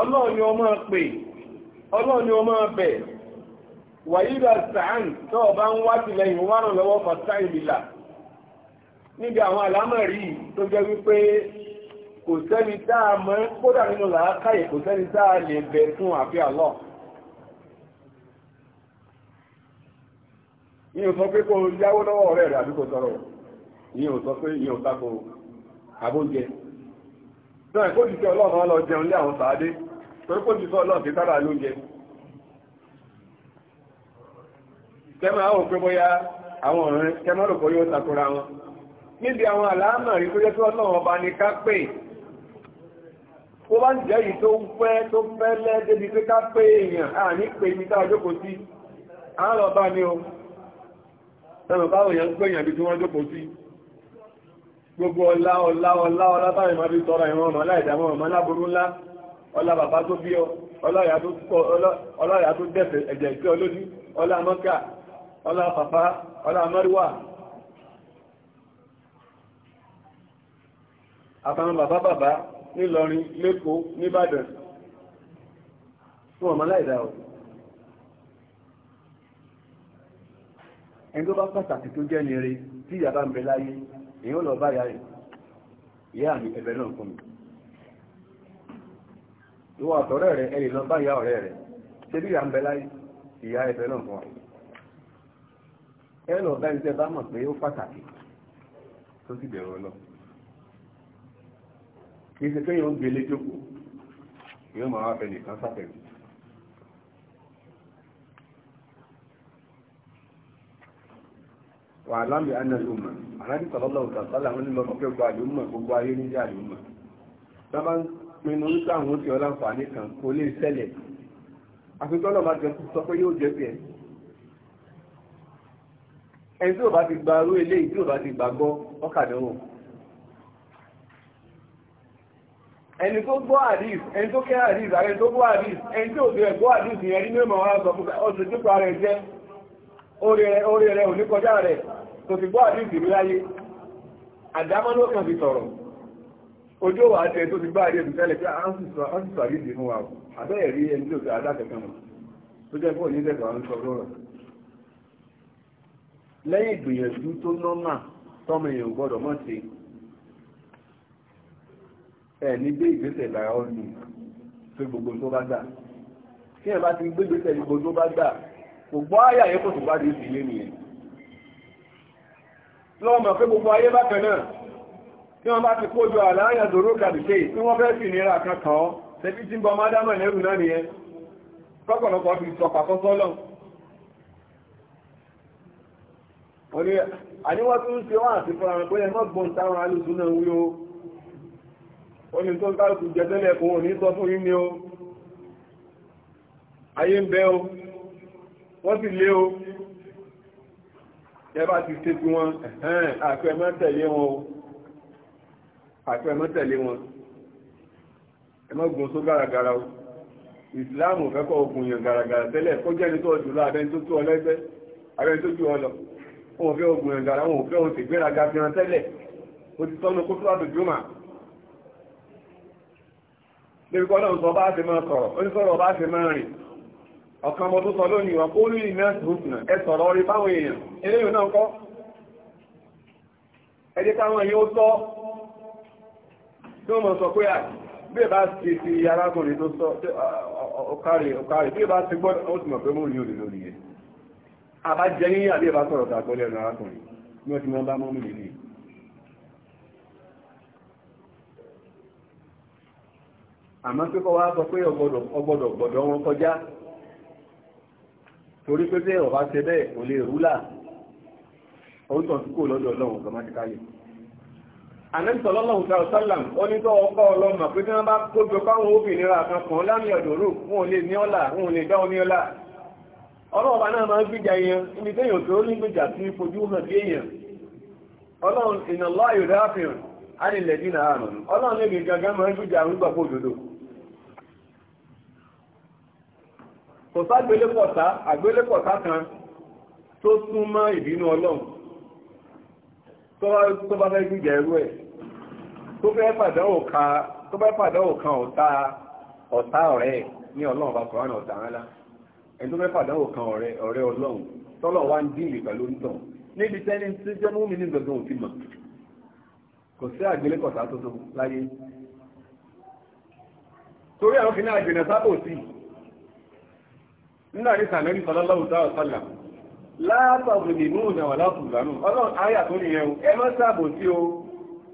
Ọlọọ ni ọmọ pè ọlọ́run ni ọmọ bẹ̀ wàyíra sàn tó ọba ń wá tìlẹ́yìn wá ràn lọ́wọ́ fàtà níbi àwọn àlámọ̀rí tó jẹ́ wípé kò sẹ́ni tá a mọ̀ kódà nínú làákàyè kò sẹ́ni tá a lè bẹ̀ fún àfi sọ pé yáwó lọ́wọ́ rẹ̀ sọ pé àbójẹ náà kó ti tẹ ọlọ́run lọ jẹun lé àwọn sàádé torí kò jù sọ náà fi sára lóúnjẹ kẹmọ àwọn òpin bóyá àwọn ọ̀rẹ́ kẹmọ rò pé yóò takora wọn níbi àwọn àlámà rí tó jẹ́ tí ọlọ́run ọba ní ká pè ó bá jẹ́ yìí tó fẹ́ tó fẹ́ lẹ́dẹ́bí pé ká pé èèyàn à ní pé ibi tá jókòó sí àwọn ọba ni o ẹ̀rọ báwọn èèyàn pé èèyàn bí tí wọ́n jókòó sí gbogbo ọlá ọlá ọlá ọlá báyìí máa fi tọrọ ìwọ̀n ọmọ aláìdámọ́ ọmọ aláboru ńlá ọlá bàbá tó bí ọ ọláyà tó dẹ̀fẹ̀ ẹ̀jẹ̀ ìpẹ́ olójú ọlá mọ́kà ọlá pàpá ọlá mọ́ríwà àtàwọn bàbá bàbá nílọrin lẹ́kọ̀ọ́ nìbàdàn fún ọmọ láìdá ọ̀ ẹni tó bá pàtàkì tó jẹ́ nire tí ìyàbá ń bẹ láyé èyí ó lọ bá rẹ̀ ìyá mi ẹ̀bẹ̀ náà fún mi ìwọ àtọ̀rẹ́ rẹ̀ ẹ̀rì lọ bá ìyá ọ̀rẹ́ rẹ̀ ṣe bí ìyá ń ìyá ẹ̀fẹ́ náà fún wa ẹ lọ bá bá mọ̀ pé ó pàtàkì tó sì bẹ̀rù ọ lọ ṣe kéèyàn kan gbélé jókòó yóò máa bẹ nìkan sátẹ̀lú wà láàmì anàlùmọ̀ àrádìsọ̀lọ́lọ́ òtàtàlà wọn ni pé gbogbo àlùmọ̀ gbogbo ayé níjà pinnu wípé àwọn ó ti ọlá nfààní kan kò lè ṣẹlẹ̀ àfikún ọlọ́ba jẹ sọ pé yóò jẹ tiẹ̀ ẹni tí ò bá ti gba aró eléyìí tí ò bá ti gbàgbọ́ ọkàdánwò ẹni tó gbọ́ àdìs ẹni tó kẹ́ àdìs ààrẹ tó gbọ́ àdìs ẹni tí ò bẹ̀rẹ̀ gbọ́ àdìs yẹn nínú ìmọ̀ ọ̀rọ̀ sọ fún ọ̀sẹ̀ tó pa rẹ̀ jẹ́ orí rẹ̀ òní kọjá rẹ̀ tó ti gbọ́ àdìs ìrú láyé fi sọ̀rọ̀ ojú wà á tẹ́ tó ti bá àrí ẹ̀dùn tẹ́lẹ̀ pé a ń sùsù àrídì wa rí ẹni tó ti adákẹ̀kẹ́ tó jẹ́ fún onílẹ̀kọ̀ àwọn sọ lọ́rọ̀ lẹ́yìn ìgbìyànjú tó nọ́mà tọ́mọ èèyàn gbọ́dọ̀ mọ́ ṣe ẹ̀ ní gbé ìgbésẹ̀ lára ní gbogbo tó bá gbà kí ẹ̀ bá ti gbé ìgbésẹ̀ gbogbo tó bá gbà kò gbọ́ ayé bákan náà tí wọ́n bá ti kójọ àláyàn dòró kàdùké tí wọ́n fẹ́ fi nira kan kàn ọ́ tẹ́bí tí ń bọ mádámọ̀ lẹ́rù náà nìyẹn kọ́kànlọpọ̀ fi sọpà kọ́sọ́lọ̀ àníwọ́n tún ṣe wọ́n àti fọ́nà pé ẹmọ́ gbọ́n táwọn alùsù náà wí o ó ní tó ń kálùkù jẹ́tẹ́lẹ̀ kò ní sọ fún yín ni o ayé ń bẹ o wọ́n o ẹ bá ti ṣe tí wọ́n ẹ̀hẹ́n àpẹẹmọ́ tẹ̀lé wọn o àti ẹmọ́ tẹ̀lé wọn ẹmọ́ gùn só gàràgàrà o ìsìláàmù fẹ́kọ̀ ogun yàn gàràgàrà tẹ́lẹ̀ kó jẹ́ ní tó ọjù lọ abẹ́ni tó tó ọlẹ́gbẹ́ abẹ́ni tó jù ọ lọ wọn fẹ́ ogun yàn gàrà wọn fẹ́ ohun sì gbéraga fi hàn tẹ́lẹ̀ ó ti tọ́nu kó tó àdùjú mà débi kọ́ lọ́nà sọ bá ṣe máa sọ̀rọ̀ ó ní sọ̀rọ̀ bá ṣe máa rìn ọ̀kan ọmọ tó sọ lónìí wọn kó lórí náà rúfùnà ẹ orí fáwọn èèyàn eléyìí náà kọ́ ẹ jẹ́ èèyàn ó tọ́ tí wọ́n mọ̀ sọ pé bí ẹ bá ti fi arákùnrin tó sọ ọkàrí ọkàrí bí ẹ bá ti gbọ́dọ̀ ó ti mọ̀ pé mò ń rí òde lórí yẹn àbájẹ yíyà bí ẹ bá sọ̀rọ̀ tàkọ́ lẹ́nu arákùnrin bí wọ́n ti mọ́ bá mọ́ mi nìyí àmọ́ pé kọ́ wá sọ pé ọgbọ́dọ̀ gbọ́dọ̀ wọn kọjá torí pé bẹ́ẹ̀ ọ̀bá ṣe bẹ́ẹ̀ kò lè rúlà orúkọ tí kò lọ́dọ̀ ọlọ́run kan má ti káyè ànẹ́sọ̀lọ́lọ́hùn tàà sálàm ó ní tó ọkọ́ ọlọ́mà pé tí wọ́n bá kójọ káwọn obìnrin ra kan kan lámì ọ̀dọ̀rù wọn ò lè ní ọlá wọn ò lè dá omi ọlá ọlọ́ọ̀bá náà máa ń gbìjà èèyàn ibi téèyàn tó ní gbìjà sí fojú hàn sí èèyàn ọlọ́run ìnà láàyò dáàfihàn á nílẹ̀ dínà àrùn ọlọ́run lè gangan fẹ́ gbìjà ẹrú ẹ̀ tó fẹ́ pàdánwò kan tó fẹ́ pàdánwò kan ọ̀tá ọ̀tá ọ̀rẹ́ ní ọlọ́run bá kọ̀ọ̀rán ọ̀tá ńlá ẹni tó fẹ́ pàdánwò kan ọ̀rẹ́ ọ̀rẹ́ ọlọ́run tọ́lọ̀ wá ń dìrì pẹ̀lú nítàn níbi tẹ́ni tí jẹ́ mú mi ní gbọ̀ngàn òfin mọ̀ kò sí àgbélẹ́kọ̀tà tuntun láyé torí àwọn kìnnà àjìnà sábò sí nínú àrísà lórí sọlọ́lọ́wọ́ta ọ̀sọ́là látàbùnì mú ìrìnàwà látùgbànú ọlọ́run ayà tó nìyẹn ẹ má sábò sí o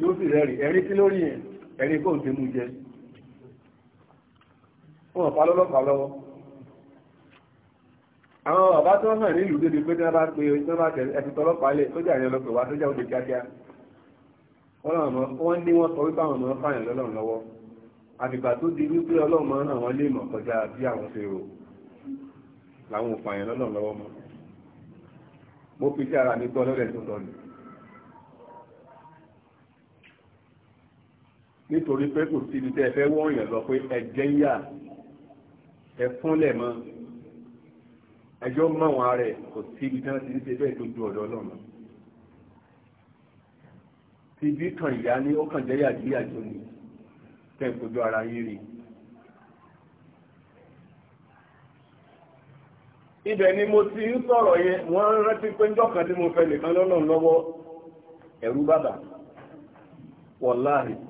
yóò sì rẹ̀rì ẹ̀rí sí lórí yẹn ẹ̀rí kò ń tẹ mú jẹ wọn pa lọ́lọ́pàá lọ́wọ́ àwọn bàbá tó hàn ní ìlú débi pé tí wọ́n bá pe tí wọ́n bá tẹ̀ ẹ̀sìn tọlọ́pàá lẹ̀ sójà yẹn lọ́pẹ̀ wá sójà òde kíákíá wọ́n ní wọ́n sọ wípé àwọn ọmọ fàyàn lọ́lọ́run lọ́wọ́ àtìgbà tó di wípé ọlọ́run mo fi sí ara mi gbọ́ lọ́rẹ̀ tó lọ́nà nítorí pé kò sí ibi tẹ́ ẹ fẹ́ wọ́n yàn lọ pé ẹ̀jẹ̀ ń yà ẹ fúnlẹ̀ mọ́ ẹjọ́ mọ̀wọ́n ara ẹ̀ kò sí ibi tẹ́ ti ń ṣe bẹ́ẹ̀ tó ju ọ̀dọ́ lọ́nà. ti bí kan ìyá ní ó kàn jẹ́ yàjíyà jò ní tẹ́ ń kojú ara yín rí. ibẹ̀ ni mo ti ń sọ̀rọ̀ yẹn wọ́n rántí pé ń jọ́kan tí mo fẹ́ nìkan lọ́nà lọ́wọ́ ẹ̀rú bàbà wọ̀láàrin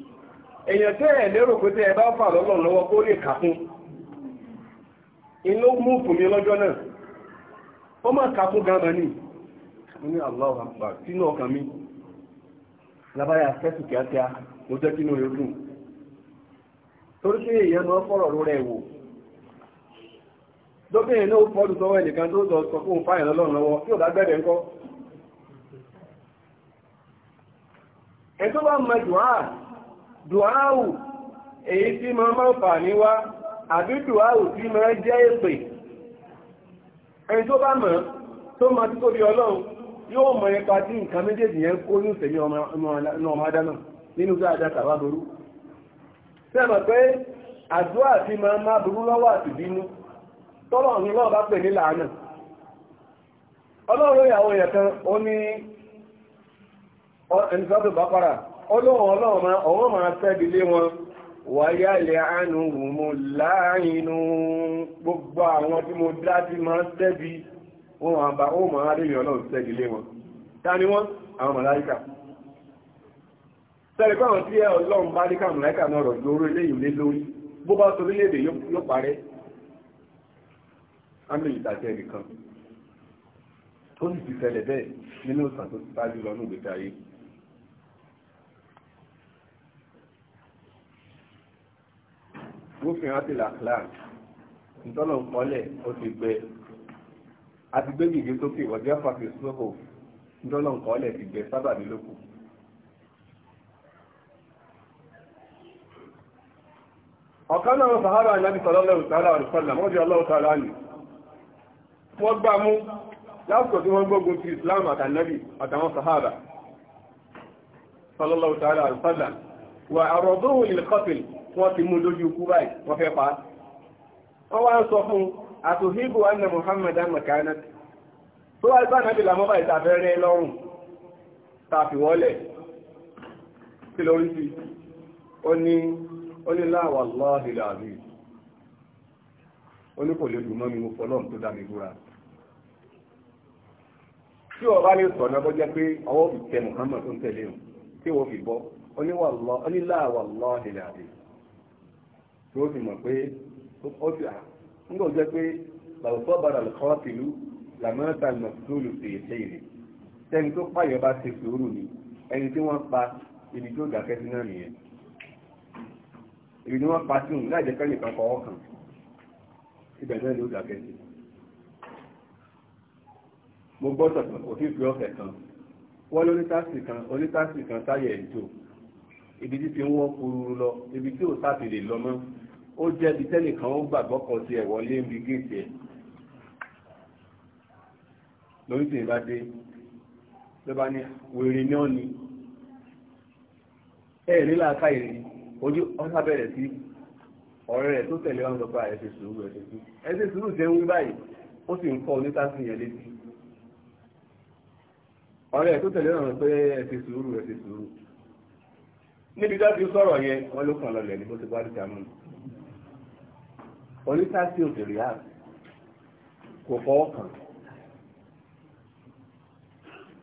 èyàn tẹ́ ẹ̀ lérò pé tẹ́ ẹ bá fà lọ́lọ́ lọ́wọ́ kó lè kà fún inú mú fún mi lọ́jọ́ náà ó máa kà fún gan ní ní Allahu sínú ọkàn mi lábáyà fẹ́sù kíákíá mo jẹ́ kínú rẹ̀ dùn wò náà fọ́dù sọ́wọ́ ẹnìkan tó sọ sọ fún lọ́lọ́run lọ́wọ́ ò bá ńkọ́ ẹ̀ tó bá jù dùáwù èyí tí ma máa ń fà ní wá àbí dùáwù tí ma jẹ́ èpè ẹni tó bá mọ̀ tó ma tí tóbi ọlọ́run yóò mọ̀ ipa tí nǹkan méjèèjì yẹn kó ní ìsẹ̀mí ọmọ nínú ma lawa ọlọ́run ìyàwó yẹ̀kan ó ní ẹnìkan tó bá ọlọ́run ọlọ́run ọwọ́ máa tẹ́bi lé wọn wáyálẹ̀ ánùhùn mo láàrínú gbogbo àwọn tí mo dájú máa tẹ́bi wọn máa bá ó máa rí ọlọ́run tẹ́bi lé wọn ta ni wọ́n àwọn màláíkà sẹ́rẹ̀ pé àwọn tí ẹ ọlọ́run bá ní káwọn màláíkà náà rọ̀ lórí eléyìí lé lórí bó bá sọ ti ṣẹlẹ̀ bẹ́ẹ̀ nínú ìsàn ti sáájú lọ ní ìgbésí ayé rúfin àti làkìláà ìtọ́nà ńkọ́lẹ̀ ó ti gbẹ àti gbé gègé sókè ọ̀jẹ́ fàfi sókò ìtọ́nà ńkọ́lẹ̀ ti gbẹ sábàbí lókù. ọ̀kan náà sàhárà ìyá bíi sọlọ́lẹ̀ ìtàlá ọ̀rẹ́sọ́lá wọ́n di ọlọ́run tààrà nì wọ́n gbà mú lásìkò tí wọ́n gbógun ti Islam àtànẹ́bì àtàwọn sàhárà sọlọ́lẹ̀ ìtàlá wọ́n ti mú lójú ikú báyìí wọ́n fẹ́ pa á. wọ́n wá ń sọ fún àtòhíbò anna muhammad amakana tó wá bá nàbí làmọ́ báyìí tàfẹ́ rẹ lọ́rùn tàfi wọ́lẹ̀ sí lórí sí ó tí sọ náà bọ́jẹ́ pé ọwọ́ fi tẹ tó ń tẹ̀lé tí tí ó sì mọ̀ pé ó sì à ń gbọ́ jẹ́ pé làwùfọ́ bàrà lọ́kọ́ tìlú làmọ́ta lọ́kùtòlù sí ìṣe ìrè tẹ́ni tó pààyàn bá ṣe sùúrù ni ẹni tí wọ́n pa ibi tó dákẹ́ sí náà nìyẹn ibi tí wọ́n pa sí òun láì jẹ́ pẹ́ nìkan kọ́ ọkàn ibẹ̀ náà ló dákẹ́ sí mo gbọ́ sọ̀tàn kò tí fi ọ̀fẹ́ kan wọ́n lónítàsì kan onítàsì kan táyẹ̀ ìjò ibi tí fi ń wọ́n kúrú lọ ibi tí ò sáfìlè lọ mọ́ ó jẹ́ ibi tẹ́nìkan ó gbàgbọ́ kan sí ẹ̀ wọlé ń bi géètì ẹ̀ lórí tí ìbá dé ló bá ní wèrè ní ọ́ni ẹ̀ nílá aká ìrìn ojú ọ́sá bẹ̀rẹ̀ sí ọ̀rẹ́ rẹ̀ tó tẹ̀lé wọn lọ́pàá ẹ̀ ṣe sùúrù ẹ̀ ṣe sùúrù sùúrù ṣe ń wí báyìí ó sì ń kọ́ onítàsí yẹn létí ọ̀rẹ́ tó tẹ̀lé wọn pé ẹ̀ sùúrù ẹ̀ sùúrù níbi tó sọ̀rọ̀ yẹn wọ́n ló kàn lọlẹ̀ ní bó ti bá dùkà mọ́nù onítàsí òdèrè á kò fọwọ́ kàn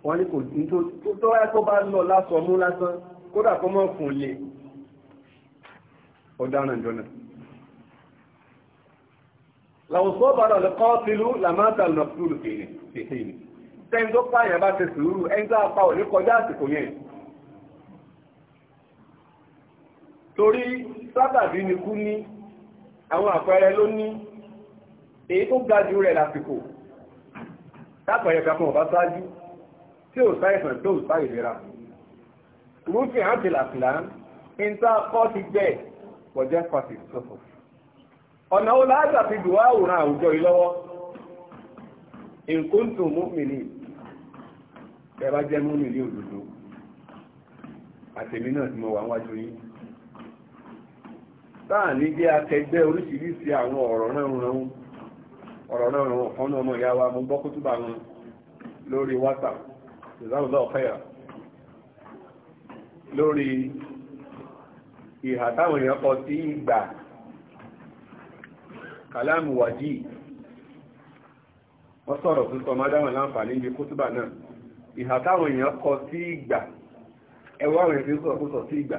wọ́n ní kò ní tó tó wáyé tó bá lọ lásán mú lásán kódà kó mọ̀ fún lè ọ̀daràn jọ náà làwùsọ́ bára lọ́kọ́ tìlú làmáta lọ́kùlù kìí ni tẹ́ni tó pààyàn bá ti sùúrù ẹni tó apá ò ní kọjá àsìkò yẹn torí sábàbí ni kú ní àwọn àpẹẹrẹ ló ní èyí tó ga jù rẹ̀ lásìkò tápẹẹrẹ kankan ọba ṣáájú tí ò sáìsàn tó ò sáì lera rúfin àti làfìlà ń tá kọ́ ti gbẹ̀ pọ̀jẹ́ pàtì sọ̀tọ̀ ọ̀nà ó láàjà fi dùn àwòrán àwùjọ yìí nǹkan tó mú mi ní ẹ jẹ́ mú mi ní òdòdó àtẹ̀mí náà tí mo wà wájú yìí táà ní jẹ́ akẹgbẹ́ oríṣiríṣi àwọn ọ̀rọ̀ ránranrun ọ̀rọ̀ ọmọ ìyá wa mo gbọ́ túbà wọn lórí whatsapp ìzáhùnlọ́ ọ̀fẹ́yà lórí ìhà táwọn èèyàn kọ sí ìgbà kàlámù wàjí wọ́n sọ̀rọ̀ tó sọ mádáwọn láǹfààní ibi kó túbà náà ìhà táwọn èèyàn kọ sí ìgbà ẹwọ́ àwọn èèyàn fi sọ̀rọ̀ sọ sí ìgbà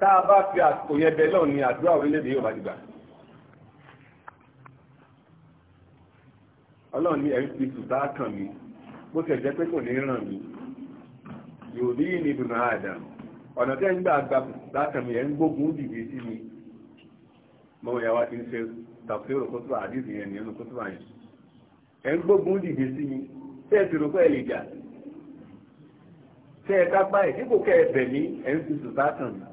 tá a bá fi àsìkò yẹn bẹ ni àdúrà orílẹ̀-èdè yóò bá dìgbà. ọlọ́run ní ẹ̀rí ti kàn mí bó tẹ̀ jẹ́ pé kò ní ràn mí yóò ní àdàm ọ̀nà tẹ́ ń gbà gba kàn mí ẹ̀ gbógun dìde sí mi ti ń ṣe tó àdìsí yẹn tó ẹ̀ gbógun sí mi tẹ́ ẹ̀ jà tẹ́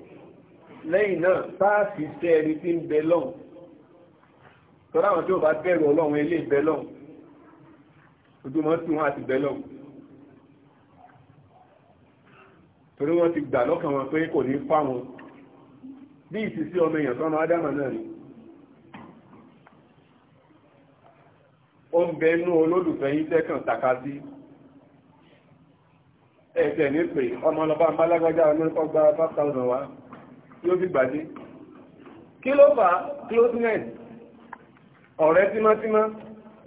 lẹ́yìn náà sáàsì tẹ́ ẹni tí ń bẹ lọ́hùn tọ́lá àwọn tí ó bá bẹ̀rù ọlọ́run ilé ìbẹ lọ́hùn ojúmọ́ tí wọ́n àti bẹ lọ́hùn torí wọ́n ti gbà lọ́kàn wọn pé kò ní fá wọn bí ìsìsí ọmọ èèyàn tọ́nà ádámà náà ni ó ń bẹ inú olólùfẹ́ yín tẹ́kàn tàkasí ẹ̀ẹ̀tẹ̀ ní pé ọmọ ọlọ́pàá ń bá lágbájá ọlọ́pàá gba 5000 wá yóò fi gbàdé kí ló fà closeness ọ̀rẹ́ tímátímá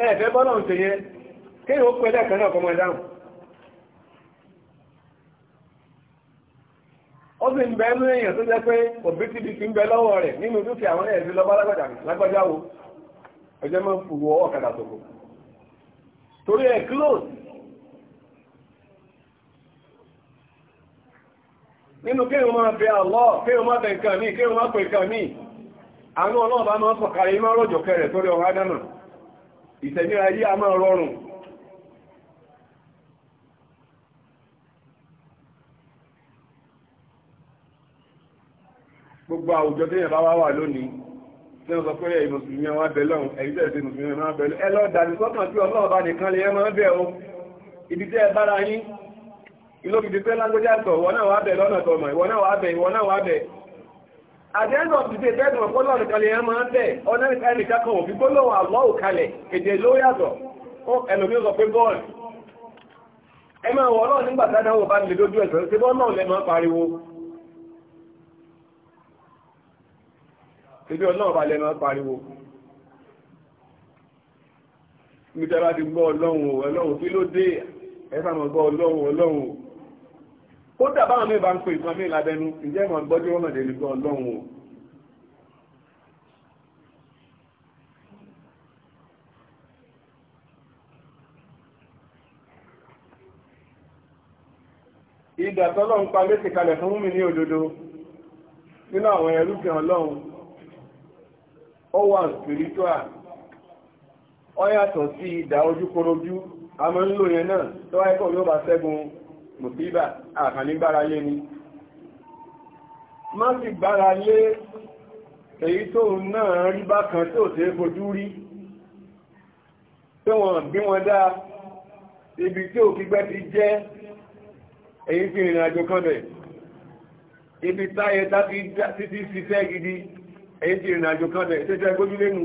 ẹ̀ẹ̀fẹ́ bọ́nà ṣe yẹ kí yóò pẹ́lẹ̀ kan náà kọmọ ẹ̀dáhùn ó sì ń bẹ èèyàn tó jẹ́ pé òbí ti di rẹ̀ nínú close nínú kí wọ́n máa bẹ àlọ́ kí wọ́n máa bẹ mí kí wọ́n máa pè nǹkan mí àánú ọlọ́run bá máa sọ̀kàrí máa kẹrẹ̀ torí ọ̀rọ̀ ìtẹ̀mí ayé a máa rọrùn gbogbo àwùjọ tí wà lónìí tí wọ́n sọ pé ìlóbìdì pé lágbójá tọ̀ wọ́n náà wà bẹ̀ lọ́nà tọmọ̀ ìwọ́n náà wà bẹ̀ ìwọ́n náà wà bẹ̀ àdéhùn ọ̀dùdé bẹ́ẹ̀ni ọ̀pọ̀lọ́ nìkanlẹ̀ yẹn máa ń bẹ̀ ọ̀nà ẹnìkan kan òfin gbólóhùn àlọ́ òkalẹ̀ èdè ló yàtọ̀ ẹlòmí sọ pé bọ́ọ̀lù ẹ máa wọ ọlọ́ọ̀ nígbà tá dáwọ́ bá lè lójú ẹ̀sẹ̀ ṣe bọ́ọ̀lù náà lẹ máa pariwo ti gbọ́ ọlọ́run kí ó dàbá àwọn mẹ́bàá ń pè ìtàn mí lábẹ́nu ìjẹ́ ìmọ̀ gbọ́jú ọ̀nà délé gan ọlọ́run o ìdà tọ́lọ́run pa létí kalẹ̀ fún mi ní òdodo nínú àwọn ẹrúfin ọlọ́run ó wà spiritual ó yàtọ̀ sí ìdà ojúkorojú a máa ń lò yẹn náà tó wáyé kọ̀ ló bá ṣẹ́gun mùsíbà àkànní gbára lé ni má sì gbára lé èyí tó náà rí bákan tí ò tẹ́ fojú rí tí wọ́n bí wọn dá ibi tí ò kígbẹ́ ti jẹ́ èyí fi ìrìn àjò kan bẹ̀ ibi táyẹ tàbí ti ṣiṣẹ́ gidi èyí fi ìrìn àjò kan bẹ̀ tẹ́tẹ́ gbójúlé nu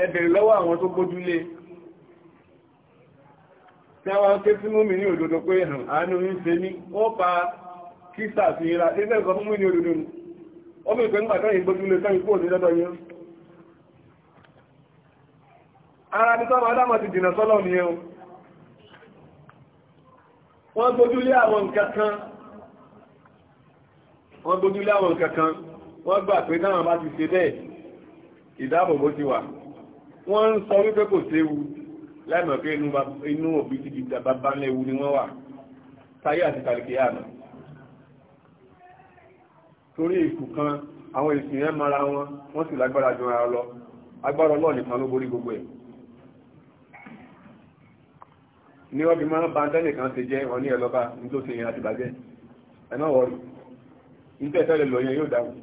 ẹ lọ́wọ́ àwọn tó gbójúlé tẹ́wàá ké sí mú mi ní òdòdó pé hàn àánú ń ṣe ní ó pa kísà sí ra ẹgbẹ́ ìsọ fún mú ní òdòdó nù ó bí ìpẹ́ nígbàtọ́ ìgbójú lè sẹ́yìn kó òdòdó lọ́dọ̀ yẹn ara ní ti dìnà o wọ́n gbójú lé àwọn nǹkan kan wọ́n gbójú lé àwọn nǹkan kan wọ́n gbà pé náà bá ti ṣe bẹ́ẹ̀ ìdáàbòbò ti wà wọ́n ń sọ wípé kò séwu láìmọ̀ pé inú òbí ti di bàbá lẹ́wu ni wọ́n wà táyé àti tàlìkì àmà torí ìkù kan àwọn ìsìn yẹn mara wọn wọ́n sì lágbára jọ ara lọ agbára Ọlọ́run nìkan ló borí gbogbo ẹ̀ ní ọbí máa ń ba dẹ́nìkan ti jẹ́ wọn ní ẹlọ́ba nítorí yẹn àti bàjẹ́ ẹ má wọrí nítorí tẹ́lẹ̀ lọ yẹn yóò dáhùn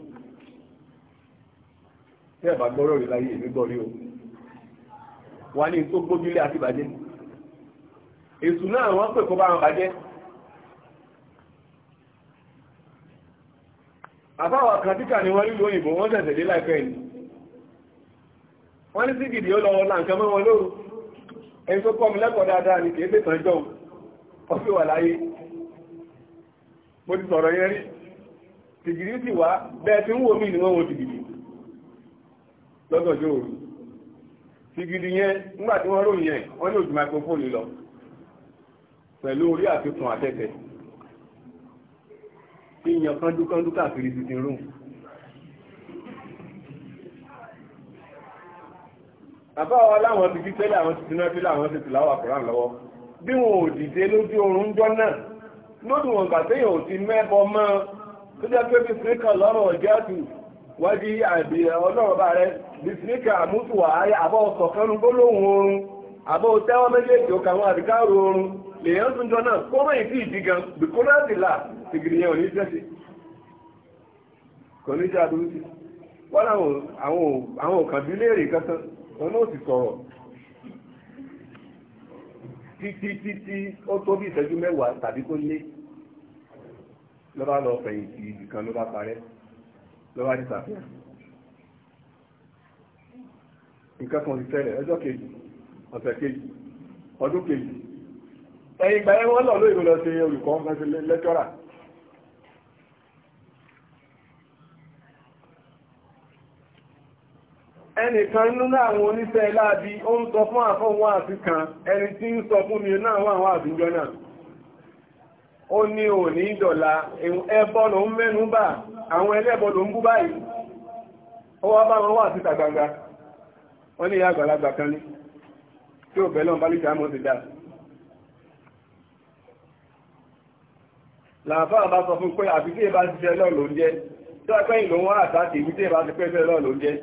tí ẹ̀ gbọ́rọ̀ rí láyé èmi o wà ní tó gbójúlé àti bàjẹ́ èsù náà wọ́n pè kó bá wọn bàjẹ́ àbáwà kàtíkà ni wọ́n nílò òyìnbó wọ́n tẹ̀sẹ̀ dé láìpẹ́ ni wọ́n ní sí gidi ó lọ ọ̀la nǹkan mọ́ wọn lóru ẹni tó kọ́ mi lẹ́kọ̀ọ́ dáadáa ni kìí pẹ̀tàn jọ ọfí wà láyé mo ti sọ̀rọ̀ yẹn rí tìgìrì sì wá bẹ́ẹ̀ tí ń wò mí ni wọ́n wo tìgìrì lọ́gọ̀jọ́ òru sigidi yẹn nígbà tí wọ́n ròyìn yẹn wọ́n ní òjì microphone lọ pẹ̀lú orí àfikún àtẹ́tẹ́ tí yàn kándúkándú káàkiri sitting room àbá wa láwọn ti kíkẹ́ láwọn ti tiná sí láwọn ti tìláwà kùrán lọ́wọ́ bí wọn ò dìde lójú oorun jọ náà lódù wọn gbà téèyàn ò ti mẹ́bọ mọ́ tó jẹ́ pé bí sèkàn lọ́rọ̀ ọ̀jẹ́ àtù wájú àbí ọlọ́run bá rẹ̀ bìsíníkà àmútùwà ayé àbọ̀ ọ̀sọ̀kan gbólóhùn oorun àbọ̀ tẹ́wọ́ méjèèjì ó kàwọn àdìkárò oorun lèyàn tún jọ náà kó mẹ́yìn sí ìdí gan bìkó láti là tìgìrì yẹn ò ní tẹ́sí kò ní jẹ́ àdúrú sí wọ́n àwọn òkàbí léèrè kankan wọn náà sì sọ̀rọ̀ títí títí ó tó bí ìṣẹ́jú mẹ́wàá tàbí kó lé lọ́ba lọ fẹ̀yìntì ìdìkan ló bá parẹ́ lọ́ba ní sàfihàn nǹkan kan ti tẹ́lẹ̀ kejì ọ̀sẹ̀ kejì ọdún kejì ẹ̀yìn ìgbà yẹn lọ lọ sí olùkọ́ mẹ́sẹ̀ lẹ́tọ́rà ẹnìkan nínú àwọn oníṣẹ́ láàbí ó ń sọ fún kan ẹni tí fún mi àwọn náà ó ní òní ìdọ̀la ló ń mẹ́nu àwọn ló ń bú báyìí bá wọn wà síta gbangba wọ́n ní ìyá àgbàlagbà kan ní tí ò bẹ́ẹ̀ lọ́n bá lítà mọ́ ti dáa làǹfà bá sọ fún pé àfi tí ìbá ti fẹ́ lọ́ọ̀ ló ń jẹ́ tí wọ́n pẹ́ ìlú wọn àtàkì ìbí tí ìbá ti pẹ́ fẹ́ lọ́ọ̀ ló ń jẹ́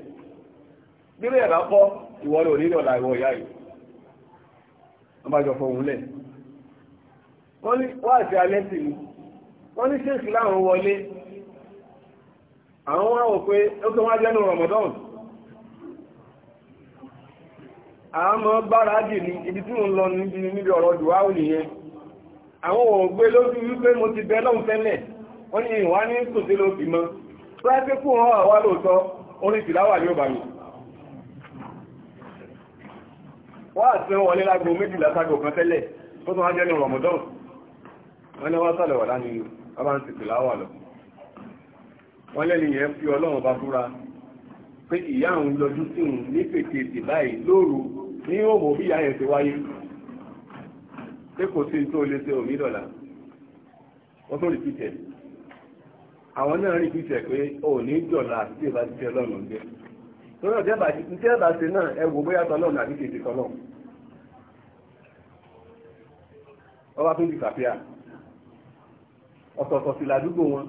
bí ó yẹ bá pọ́ ìwọ ló nílò là ìwọ ìyá yìí wọ́n bá jọ fọhùn lẹ̀ wọ́n ní wá àti alẹ́ sí ni wọ́n àmọ́ gbáradì ní ibi tí mo ń lọ níbi níbi ọ̀rọ̀ dùwáwù nìyẹn àwọn òògbé lójú wípé mo ti bẹ lọ́hùn tẹ́lẹ̀ wọ́n ní ìwá ní tòṣe ló bímọ pẹ́ẹ́pẹ́ fún wọn àwa lóòótọ́ orin tìláwà ní òbàmì wọ́n àti wọlé lágbo méjìlá sago kan tẹ́lẹ̀ tó tún wá jẹ́ ní Ramadan wọ́n ní wọ́n sàlẹ̀ wà láni bàbá ń ti tìláwà lọ wọ́n lẹ́ni yẹn fi Ọlọ́run bá fúra pé ìyá òun lọ́jú sí òun ní pètè báyìí lóru ní òmò bí ìyá yẹn ti wáyé pé kò sí tó lè ṣe òmí wọ́n tó rí àwọn náà rí pé ò ní àti tí ìbá ti fi ọlọ́run ń gbé torí bá náà ẹ wò bóyá ọba tó kàfíà ọ̀tọ̀ọ̀tọ̀ sí ládùúgbò wọn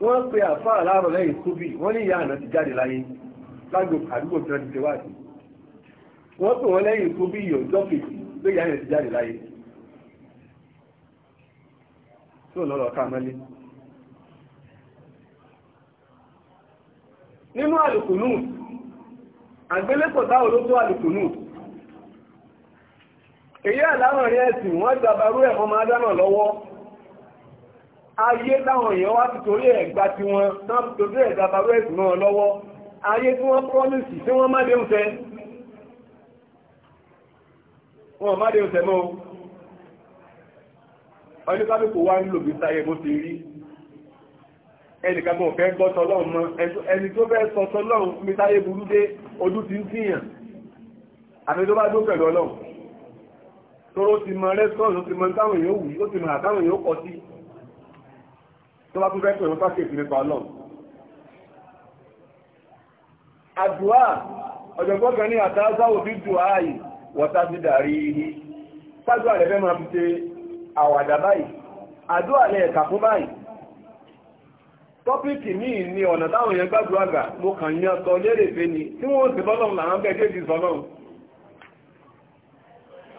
wọ́n pe àfáà láàrọ̀ lẹ́yìn wọ́n ní ìyá àná ti jáde láyé lágbo àdúgbò tí wọ́n ti ṣe wáàdì wọ́n pè wọ́n lẹ́yìn tó bí iyọ̀ ọjọ́ kejì ló yà yẹn ti jáde láyé tí ò lọ́rọ̀ ká mọ́lé nínú àlùkùnú àgbélépọ̀ táwọn olóso àlùkùnú èyí àláwọn rí ẹ̀sìn wọ́n gbàbàrú ẹ̀fọ́ máa dáná lọ́wọ́ ayé táwọn èèyàn wá ti torí ẹ̀gbà tí wọ́n torí ẹ̀gbàbàrú ẹ̀sìn náà lọ́wọ́ ayé tí wọ́n promise tí wọ́n má déhùn fẹ́ wọn má dé ọ̀sẹ̀ mọ́ o ọdúnkálùkù wá ń lò bí sáyé bó ti rí ẹnìkàgbọ̀n fẹ́ gbọ́ tọ́lọ́run mọ́ ẹni tó fẹ́ sọ tọ́lọ́run mi sáyé burú dé ojú ti ń tíyàn àti tó bá dó pẹ̀lú ọlọ́run tóró ti mọ rẹ́sọ́ọ̀sì ó ti mọ táwọn èèyàn wù ó ti mọ àtàwọn èèyàn kọ sí tó bá tún fẹ́ pẹ̀lú sákèsì nípa ọlọ́run àdúrà ọ̀jọ̀gbọ́n kan ní àtàzáwò bí dùn ààyè wọ́tásídà rí ihe tájú àlẹ́ fẹ́ máa fi ṣe àwàdà báyìí àdó àlẹ́ ẹ̀kà fún báyìí tọ́pìkì míì ni ọ̀nà táwọn èèyàn gbájú àgbà mo kàn yán sọ lérèfé ni tí wọ́n sì bọ́lọ́run làwọn bẹ́ẹ̀ déjì sọ́lọ́run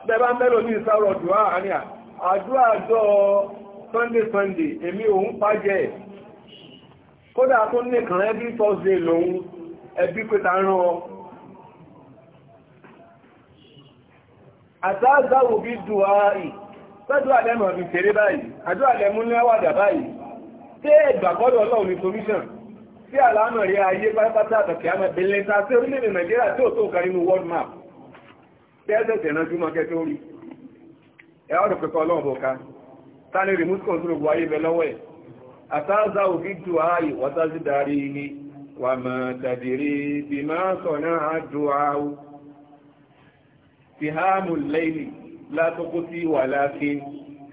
bẹ́bá mẹ́lò ní ìsáwọ̀ dùá àárín àdúrà àjọ Sunday Sunday èmi òun pàjẹ́ kódà tó nìkan ẹbí tọ́sí lòun ẹbí pẹ́ta rán àtàzáwò bí dùwáì tọ́jú àlẹ́mọ̀ bí fèrè báyìí àjọ àlẹ́mú ní àwàdà báyìí tí ìgbàkọ́dọ̀ ọlọ́run ní solution sí àlámọ̀ rí ayé pátápátá àtọ̀kẹ́ àmọ́ bẹ̀lẹ̀ ta sí orílẹ̀-èdè nàìjíríà tí ó tó kàn nínú world map tẹ́ẹ̀sẹ̀sẹ̀ náà jùmọ̀ kẹ́kẹ́ orí ẹ̀ ọ́dọ̀ pẹ̀kọ́ ọlọ́run bọ̀ká tani remote control bu ayé bẹ lọ́wọ́ ẹ̀ àtàzà òbí dùwáì wọ́tá sí darí ni wàmọ̀ tàdírí bìmọ̀ sọ̀nà àdùwáwù سهام الليل لا تقصي ولكن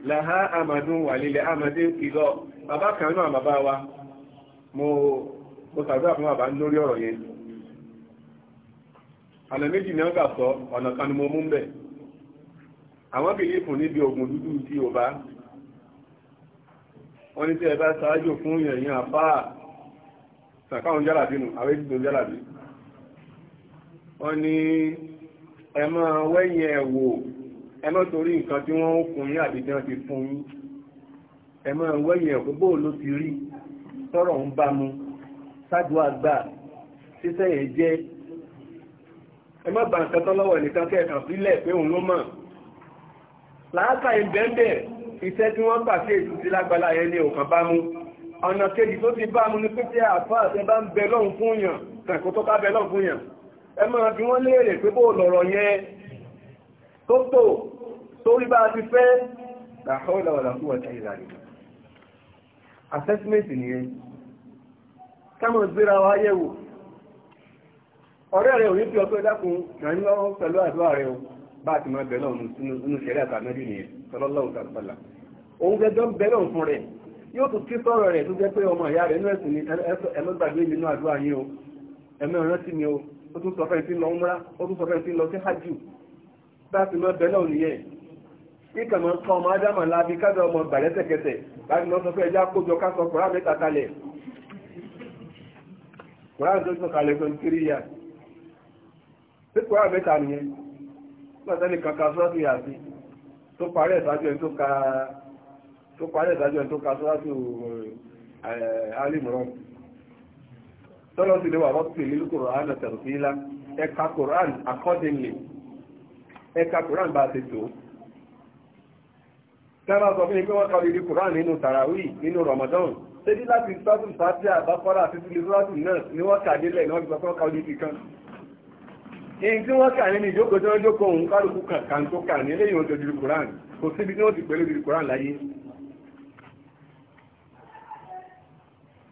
لها أمد وللأمد قضاء bàbá kan náà bàbá wa mo mo sàdúrà fún bàbá lórí ọ̀rọ̀ yẹn ọ̀nà méjì ni wọ́n gbà sọ ọ̀nà kan ni mo mú bẹ̀ àwọn bìlífù níbi oògùn dúdú tí ò bá wọ́n ní tí ẹ bá ṣáájú fún yẹ̀yìn àfáà sàkáwọn jálàbí nù àwọn èjì tó jálàbí wọ́n ní ẹ máa wẹ́yìn ẹ̀ wò ẹ má torí nǹkan tí wọ́n ń kun yín àbí tí wọ́n ti fún yín ẹ máa wẹ́yìn ẹ̀ pé bóò ló ti rí tọ́rọ̀ ń bá mu ṣáájú àgbà ṣíṣẹ́ yẹn jẹ́ ẹ má bà nǹkan tán lọ́wọ́ ẹnìkan kẹ́ẹ̀kan sílẹ̀ pé òun ló mọ̀ làákà ìbẹ́ńbẹ̀ iṣẹ́ tí wọ́n bà sí èsì sí lágbàlá yẹn ní òkan bá mú ọ̀nà kejì tó ti bá mu ni pé tí àfáà tẹ bá ń bẹ lọ́hùn fún yàn kàkó tó ká bẹ lọ́hùn fún yàn ẹ máa bí wọ́n léèrè pé bó lọ̀rọ̀ yẹn tó tò torí bá ti fẹ́ làhọ́lá wà láfúwà tí ìlà rẹ̀ assessment nìyẹn kámọ̀ gbéra wa yẹ̀wò ọ̀rẹ́ rẹ̀ ò ní fi ọpẹ́ dákun ràn lọ́wọ́ pẹ̀lú àdúrà rẹ̀ o bá ti máa bẹ̀rẹ̀ ọ̀nà inú ṣẹ̀rẹ̀ àtàmẹ́rì nìyẹn tọ́lọ́lọ́wọ́ tàbípàlà òun gẹ́gẹ́ bẹ̀rẹ̀ fún rẹ̀ yóò tún kí sọ́rọ̀ rẹ̀ tó jẹ́ pé ọmọ ìyá rẹ̀ inú ẹ̀sìn ni ẹlọ́gbàgbé nínú àdúrà yín o ẹ̀mẹ́ ọ̀rántí mi o ó tún sọ fẹ́ẹ̀ tí lọ múra ó tún sọ fẹ́ẹ̀ tí lọ sí hajj bá ti lọ bẹ́ẹ̀ náà nìyẹn kíkà máa ń kọ́ ọmọ ádámà láabi kájọ ọmọ gbà lẹ́sẹ̀kẹsẹ̀ láti lọ sọ fẹ́ ẹja kójọ ká sọ kùrá mẹ́ta kalẹ̀ kùrá tó sọ kalẹ̀ fún tírí yà sí kùrá mẹ́ta nìyẹn lọ́sẹ̀ ní kankan sọ́ọ̀tì yà sí tó parí ẹ̀sájú ẹni tó ka tó parí ẹ̀sájú ẹni tó ka sọ́ọ̀tì eh, alìmọ̀ràn tọ́lọ́ sí lè wà wọ́n pè nílùú Kùránì tẹ̀rùsílá ẹ̀ka Kùránì accordingly ẹ̀ka Kùránì bá ti tó tẹ́lá sọ fún ẹgbẹ́ wọ́n kọ́ lórí Kùránì nínú tàràwí nínú Ramadan tẹ́lí láti sọ́tún sáájú àbáfọ́lá àti sílẹ̀ náà ni wọ́n kà délẹ̀ ní wọ́n ti sọ fún ọkọ̀ kan èyí tí wọ́n kà nínú ìjókòó tí wọ́n jókòó òun kálukú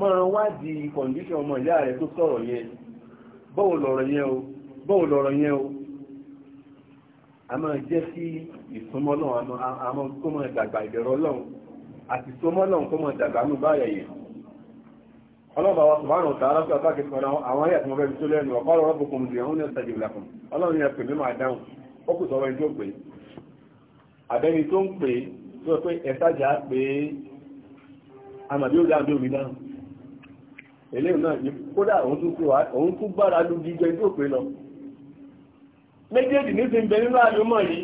máa wádìí kọ̀ǹdíṣọ̀n ọmọ ìyá rẹ̀ tó sọ̀rọ̀ yẹn bọ́wọ̀ lọ̀rọ̀ yẹn o bọ́wọ̀ lọ̀rọ̀ yẹn o a máa jẹ́ sí ìsúnmọ́ Ọlọ́run a máa kó máa dàgbà ìbẹ̀rẹ̀ Ọlọ́run àti súnmọ́ Ọlọ́run kó máa dàgbà nù báyẹ̀ yẹn ọlọ́ba wa sùmárùn tààrà sí ọ̀tá kìtìkan àwọn ayé àti mọ̀bẹ́bí tó lẹ́nu ọ̀pá ọ̀rọ̀ bùkù mùsùlùmí àwọn ní ọ̀sẹ̀ jìbìlà kan ọlọ́run yẹn pè mí máa dáhùn ó kù sọ̀rọ̀ ẹni tó pè àbẹ́ni tó ń pè é tó pé ẹ̀sájà pé amàbí ó dáhùn bí eléyìí náà kódà òun tún gbára lu jíjẹ tó pé lọ méjèèjì ní ti ń bẹ nínú àlùmọ̀ yìí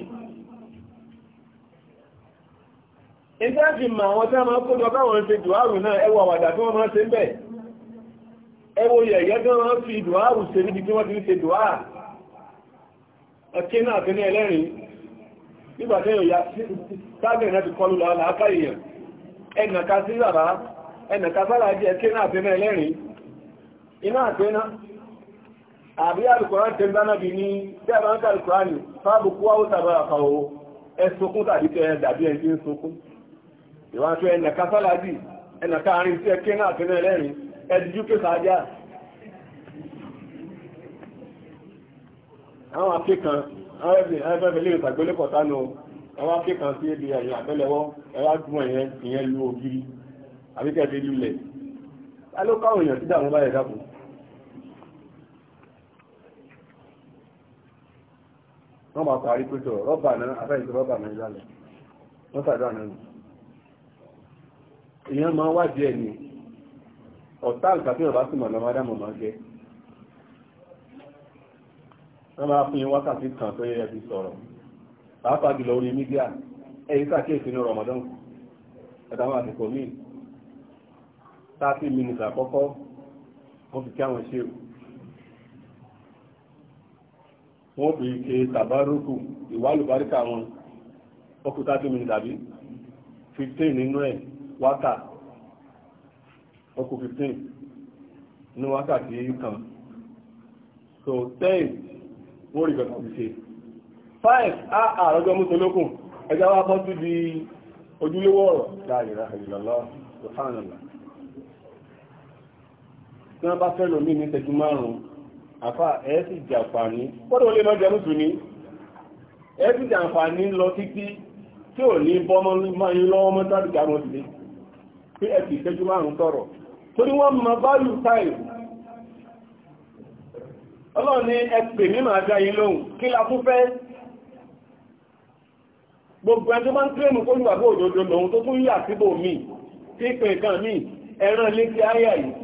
ìtẹ́ẹ̀fì mà àwọn tí a máa kójọ káwọn ṣe dùárù náà ẹwọ àwàdà tí wọ́n máa ṣe ń bẹ̀ ẹwọ yẹ̀yẹ́ tí wọ́n fi dùárù ṣe níbi tí wọ́n ti ń ṣe dùárà ẹkí náà ti ní ẹlẹ́rìn nígbàtí èèyàn tágẹ̀ náà ti kọlu lọ́la ẹnìkà sára jẹ́ kí náà tẹ́nà ẹlẹ́rìn iná àtẹ́nà àbí alùkọ̀rán tẹ́ dánàbì ní dẹ́bàánkà alùkọ̀rán fábùkú áwùsàbára fàwọ́ ẹsùnkún tàbí tẹ́ dàbí ẹni sùnkún ìwáṣọ ẹnìkà sára jì ẹnìkà àárín tí ẹkẹ́ náà tẹ́nà ẹlẹ́rìn ẹdíjú pé sàájá àwọn akẹ́kàn ẹgbẹ̀rẹ̀ ìtàgbélẹ́kọ̀tánù àwọn akẹ́kàn sí ibi ẹ̀yìn àbẹ́lẹ́wọ́ ẹwà gún ẹ̀yẹn ìyẹn lu ògiri àbí kẹfì lulẹ̀ alókàwò èèyàn tí dàmú báyẹ̀ dákùn wọ́n bá parí pé tọ̀ rọ́bà náà afẹ́ìsì rọ́bà náà ìlàlẹ̀ wọ́n sàdọ́ àná nù èèyàn máa wá díẹ̀ ni ọ̀tá nǹkan tí wọ́n bá sì mọ̀ lọ́mọdé mọ̀ máa jẹ́ wọ́n máa fún yín wákàtí kan tó yẹ fi sọ̀rọ̀ pàápàá jùlọ orí mídíà ẹ̀yìn sàkíyèsí ní rọmọdán ẹ̀dá wọn àtìkò míì thirty minutes àkọ́kọ́ wọ́n fi kí àwọn ṣe wọ́n fi ṣe tàbárùkù ìwálùbáríkà wọn ọkù thirty minutes àbí fifteen nínú ẹ̀ wákà ọkù fifteen ní wákàtí kan so ten wọ́n rí bẹ̀rẹ̀ ṣe five á àrọ́jọ́ mọ́tòlókùn ẹjá wá bọ́ sí di ojúlówó ọ̀rọ̀ láàrin ìlàlọ́ ìfàànàlá tí wọ́n bá fẹ́ lò mí ní ìṣẹ́jú márùn-ún àfà ẹ̀ sì jàǹfààní kọ́dọ̀ olè máa jẹun sùn ní ẹ̀ sì jàǹfààní lọ títí tí ò ní bọ́mọ́ máa yín lọ́wọ́ mọ́ tàbí àwọn òdìdé pé ẹ̀ sì ìṣẹ́jú márùn-ún sọ̀rọ̀ torí wọ́n mọ báyù táì ọlọ́run ní ẹ pè mí màá dá yín lóhùn kí la fún fẹ́ gbogbo ẹjọ́ máa ń kílèmù kó lùwàgbọ́ tó tún yà síbò míì tí pè kan míì ẹ̀ràn létí áyà yìí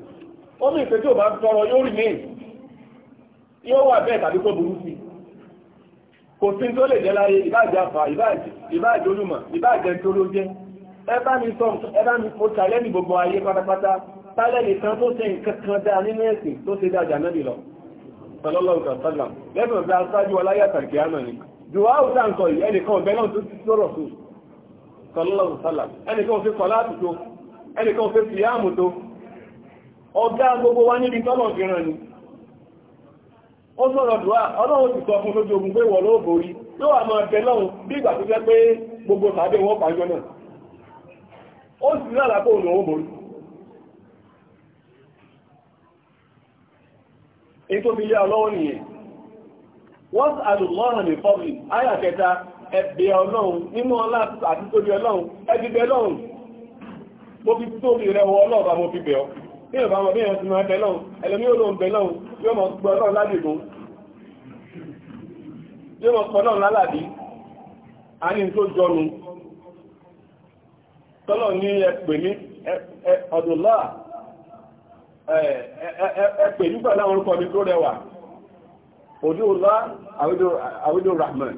ó ní ìpé tí ò bá tọrọ yóò rí méè yóò wà bẹ́ẹ̀ tàbí kó burú sí kò sí tó lè jẹ́ láyé ìbáàjẹ́ àfà ìbáàjẹ́ olùmọ̀ ìbáàjẹ́ tó ló jẹ́ ẹbá mi sọ ẹbá mi kó tàlẹ́ ní gbogbo ayé pátápátá tàlẹ́ nìkan tó ṣe nǹkan kan dáa nínú ẹ̀sìn tó ṣe dáa jàmẹ́lì lọ sallallahu alaihi wasallam lẹ́bùn bí aṣáájú aláyà tàbí àmà ni dùwà ó sá nǹkan yìí ẹnìkan ọ̀bẹ náà tó ti sọ̀rọ̀ tó sallallahu alaihi wasallam ẹnìkan ò fi kọ̀ ọ̀gá gbogbo wa níbi tọ́lọ̀ ìran ni ó sọ̀rọ̀ a, ọlọ́run ti sọ fún lójú ogun pé wọ̀ ló borí ló wà máa bẹ lọ́run bí ìgbà tó jẹ́ pé gbogbo tàbí pàjọ náà ó sì ayà kẹta ọlọ́run nínú ọlá àti tóbi ọlọ́run mo bí ìbá wọn bí ti máa bẹ̀lọ́un ẹlẹ́mí olóhun bẹ̀lọ́un yóò mọ̀ pọ̀ náà ládìgún yóò mọ̀ pọ̀ náà lálàdí a ní tó jọnu tọ́lọ̀ ní ẹ̀pẹ̀ ní ọdúnlá ẹ̀pẹ̀ nígbà láwọn orúkọ mi tó rẹwà òdúnlá àwídò rahman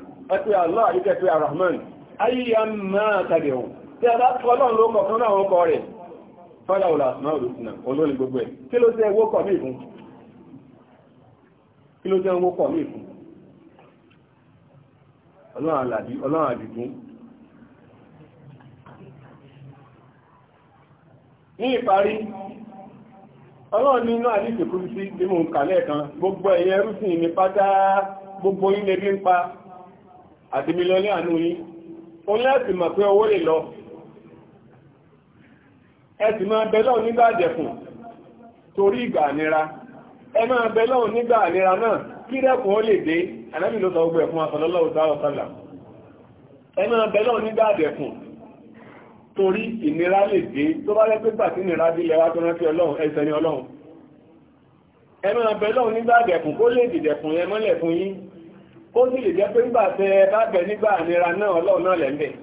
fọ́lá òlà àtúnmọ́ òlùsìnà olóòlì gbogbo ẹ̀ kí ló jẹ́ owó kọ̀ ní ìfún kí ló jẹ́ owó kọ̀ ní ìfún ọlọ́run àlàdí ọlọ́run àdìgún ní ìparí ọlọ́run ní inú àdìsì kúrú sí tí mò ń kà lẹ́ẹ̀kan gbogbo ẹ̀yẹ rúsìn ní pátá gbogbo yín lè bí ń pa àti mílíọ̀nì àánú yín ẹ sì máa bẹ lọ́hùn nígbà àjẹ̀kùn torí ìgbà ànira ẹ máa bẹ lọ́hùn nígbà ànira náà kí dẹ́kun ó lè dé ànábì ló sọ gbogbo ẹ̀ fún asọ̀lọ́lọ́ òsàlà ẹ máa bẹ lọ́hùn nígbà àjẹ̀kùn torí ìnira lè dé tó bá rẹ́ pé gbà tí ìnira bí lẹ́wà tó rántí ọlọ́run ẹsẹ̀ ni ọlọ́run ẹ máa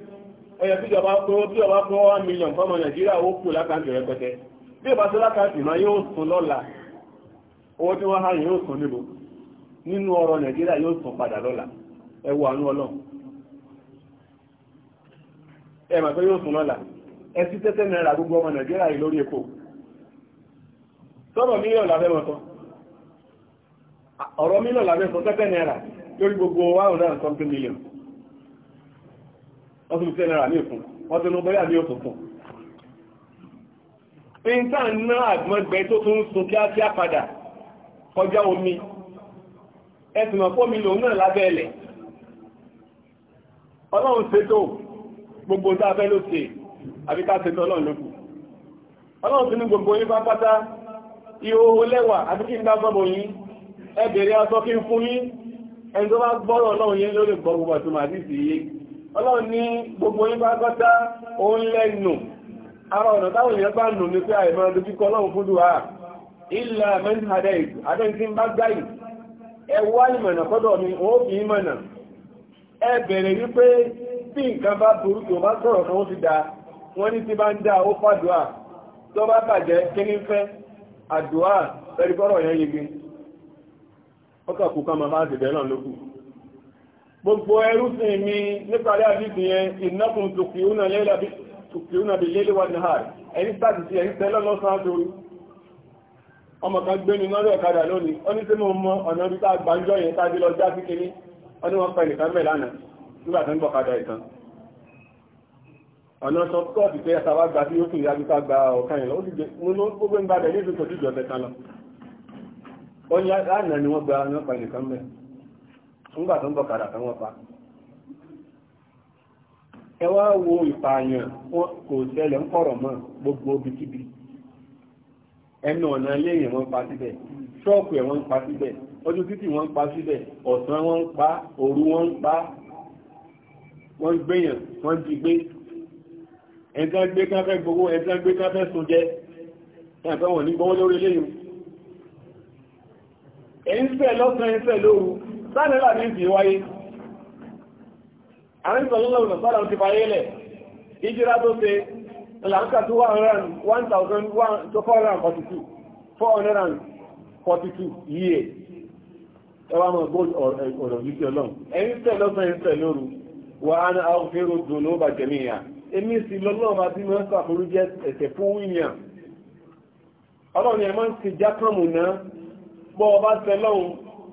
ẹ̀yẹ tí ìjọba fún tí ìjọba fún one million fọ́mọ nàìjíríà ó kù lákàntì rẹpẹtẹ bí ìbá tó lákàntì náà yóò sùn lọ́la owó tí wọ́n há yóò sùn níbo nínú ọrọ̀ nàìjíríà yóò sùn padà lọ́la ẹ wo àánú ọlọ́run ẹ mà pé yóò sùn lọ́la ẹ sí tẹ́tẹ́ náírà gbogbo ọmọ nàìjíríà yìí lórí epo sọ́rọ̀ mílíọ̀n lábẹ́ mọ́tọ́ ọ̀rọ̀ mílíọ̀n lábẹ́ sọ tẹ́tẹ́ náírà lórí gbogbo 100 something million wọ́n tún fẹ́ náírà ní ìkún wọ́n tún bọ́yà ní òtútùn ìta ná àgbọ́gbẹ tó tún sun kíákíá padà kọjá omi ẹ̀sùn ọ̀pọ̀mí lòun náà lábẹ́ ẹ̀lẹ̀ ọlọ́run ṣètò gbogbo tá a fẹ́ ló ṣe àbí ká ṣètò ọlọ́run lókù ọlọ́run ti ní gbogbo yín pápátá ìhòhò lẹ́wà àti kí n bá gbọ́bọ̀ yín ẹbẹ̀rẹ̀ ọlọ́run ní gbogbo yín bá gọ́ta òun lẹ́nu ara ọ̀nà táwọn èèyàn bá nù ní pé àìmọ́ dojúkọ ọlọ́run fún dùwà ilẹ̀ mẹ́tàdẹ́ì adẹ́ntí bá gáyì ẹ wá kọ́dọ̀ mi ó fi ìmọ̀nà ẹ bẹ̀rẹ̀ wípé tí nǹkan bá burú tó bá sọ̀rọ̀ kan ó ti da wọ́n ní bá ń dá ó tó bá bàjẹ́ kí ní fẹ́ yẹn yege ọkọ̀ kù ká máa bá ti náà gbogbo ẹrúsìn mi nípàdé àdídì yẹn ìnákùn tùkìúnà bí lélé wà náà ẹni sáàtì sí ẹni tẹ́lọ lọ́sán àtórí ọmọ kan gbé ní lọ́rọ̀ ọ̀kadà lónìí ó ní tí mo mọ ọ̀nà orí tàà gbàjọ́ yẹn tàbí lọ já sí kiri ó ní wọ́n pẹ̀ nìkan mẹ́ lánàá nígbà tó ń gbọ̀kadà ìkan ọ̀nà sọ́kọ́ọ̀tì pé ẹ̀sàwà gba sí yókù ìyá gbígbà gba ọ̀kan yẹn lọ ó sì gbé múnú gbogbo ń gbàdẹ̀ ní ìfẹ́ tó ti jọ tẹ̀kan lọ ó ní lánàá ni wọ́n gba ọ̀nà pẹ̀ nìkan mẹ́ nígbà tó ń bọ̀ kàdà tán wọ́n pa ẹ wá wo ìpààyàn wọn kò ṣẹlẹ̀ ń kọ̀rọ̀ mọ́ gbogbo bíkíbi ẹnu ọ̀nà ilé yẹn wọ́n pa síbẹ̀ ṣọ́ọ̀kù ẹ̀ wọ́n ń pa síbẹ̀ ọjọ́ títì wọ́n ń pa síbẹ̀ ọ̀sán wọ́n ń pa òru wọ́n ń pa wọ́n gbéyàn wọ́n jí gbé ẹ̀sán gbé kán fẹ́ gbogbo ẹ̀sán gbé kán fẹ́ sun jẹ́ ẹ̀sán wọ̀n ní gbọ́wọ́ lórí léyìn ẹ̀ ń fẹ́ lọ́sàn ẹ̀ ń fẹ́ lóru sáàrẹ̀ rà ní wáyé àrùn ìsọ̀lọ́lọ́wọ̀n sọ́rọ̀ ti fayé ìjírá tó ṣe ìlànkà 1,442 442 ẹwà mọ̀ gold ọ̀rọ̀ ẹni lọ́sàn ẹni tẹ̀ lóru wà á ní àwọn dùn ló bà jẹ́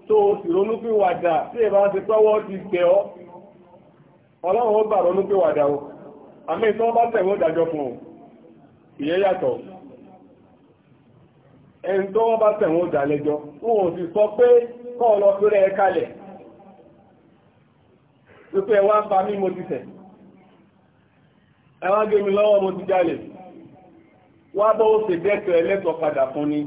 tó o sì ronúpìwàdà tí ìbá ti tọ́wọ́ ti tẹ̀ ọ́ ọlọ́run ó gbà ronúpìwàdà o àmì ìtọ́ bá tẹ̀wọ́ dájọ́ fún o ìyẹ́ yàtọ̀ ẹni tó bá tẹ̀wọ́n dàlẹ́jọ́ wọn sọ pé kọ́ lọ kalẹ̀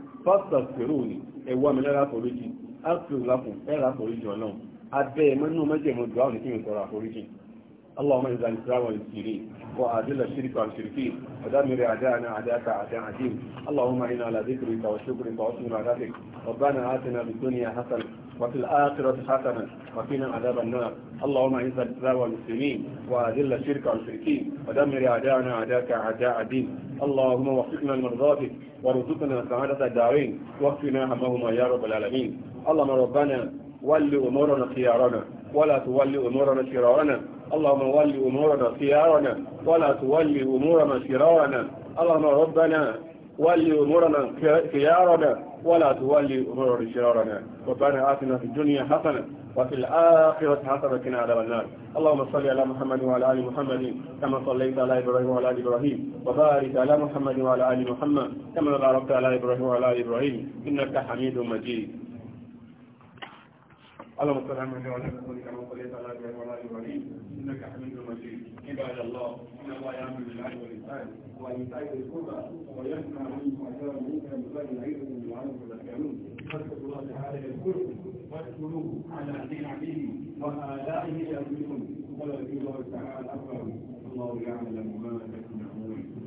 pastor kero ni ẹwà mi lára àforíjì áàpù lápò ẹ̀rà àforíjì ọlọ́run abẹ́ ẹ̀mọ́ inú mẹ́jẹ̀mọ́ dùn àwọn ìpínlẹ̀ sọ̀rọ̀ àforíjì اللهم إذا الإسلام والمسلمين وأذل الشرك والمشركين ودمر أعداءنا أعداءك أعداء عظيم. اللهم إنا على ذكرك وشكرك وحسن عبادتك ربنا آتنا بالدنيا الدنيا وفي الآخرة حسنة وفينا عذاب النار اللهم أعز الإسلام والمسلمين وأذل الشرك والمشركين ودمر أعداءنا أعداءك أعداء الدين اللهم وفقنا لمرضاتك وارزقنا سعادة الدارين واكفنا همهما يا رب العالمين اللهم ربنا ول أمورنا خيارنا ولا تولي أمورنا شرارنا اللهم ول أمورنا خيارنا ولا تولي أمورنا شرارنا اللهم ربنا ولي أمورنا خيارنا ولا تولي أمورنا شرارنا ربنا آتنا في الدنيا حسنة وفي الآخرة حسنة كنا على النار اللهم صل على محمد وعلى آل محمد كما صليت على إبراهيم وعلى آل إبراهيم وبارك على محمد وعلى آل محمد كما باركت على إبراهيم وعلى آل إبراهيم إنك حميد مجيد اللهم صل على محمد وعلى آل محمد كما صليت على إبراهيم وعلى آل إبراهيم إنك حميد مجيد عباد الله إن الله يعمل بالعدل والإحسان وإيتاء ذي القربى وينهى عن المنكر والمنكر العيد من لعلكم تذكرون فاتقوا الله تعالى يذكركم واشكروه على نعمه وآلائه ولا ولذكر الله تعالى أكبر الله يعلم ما تكتمون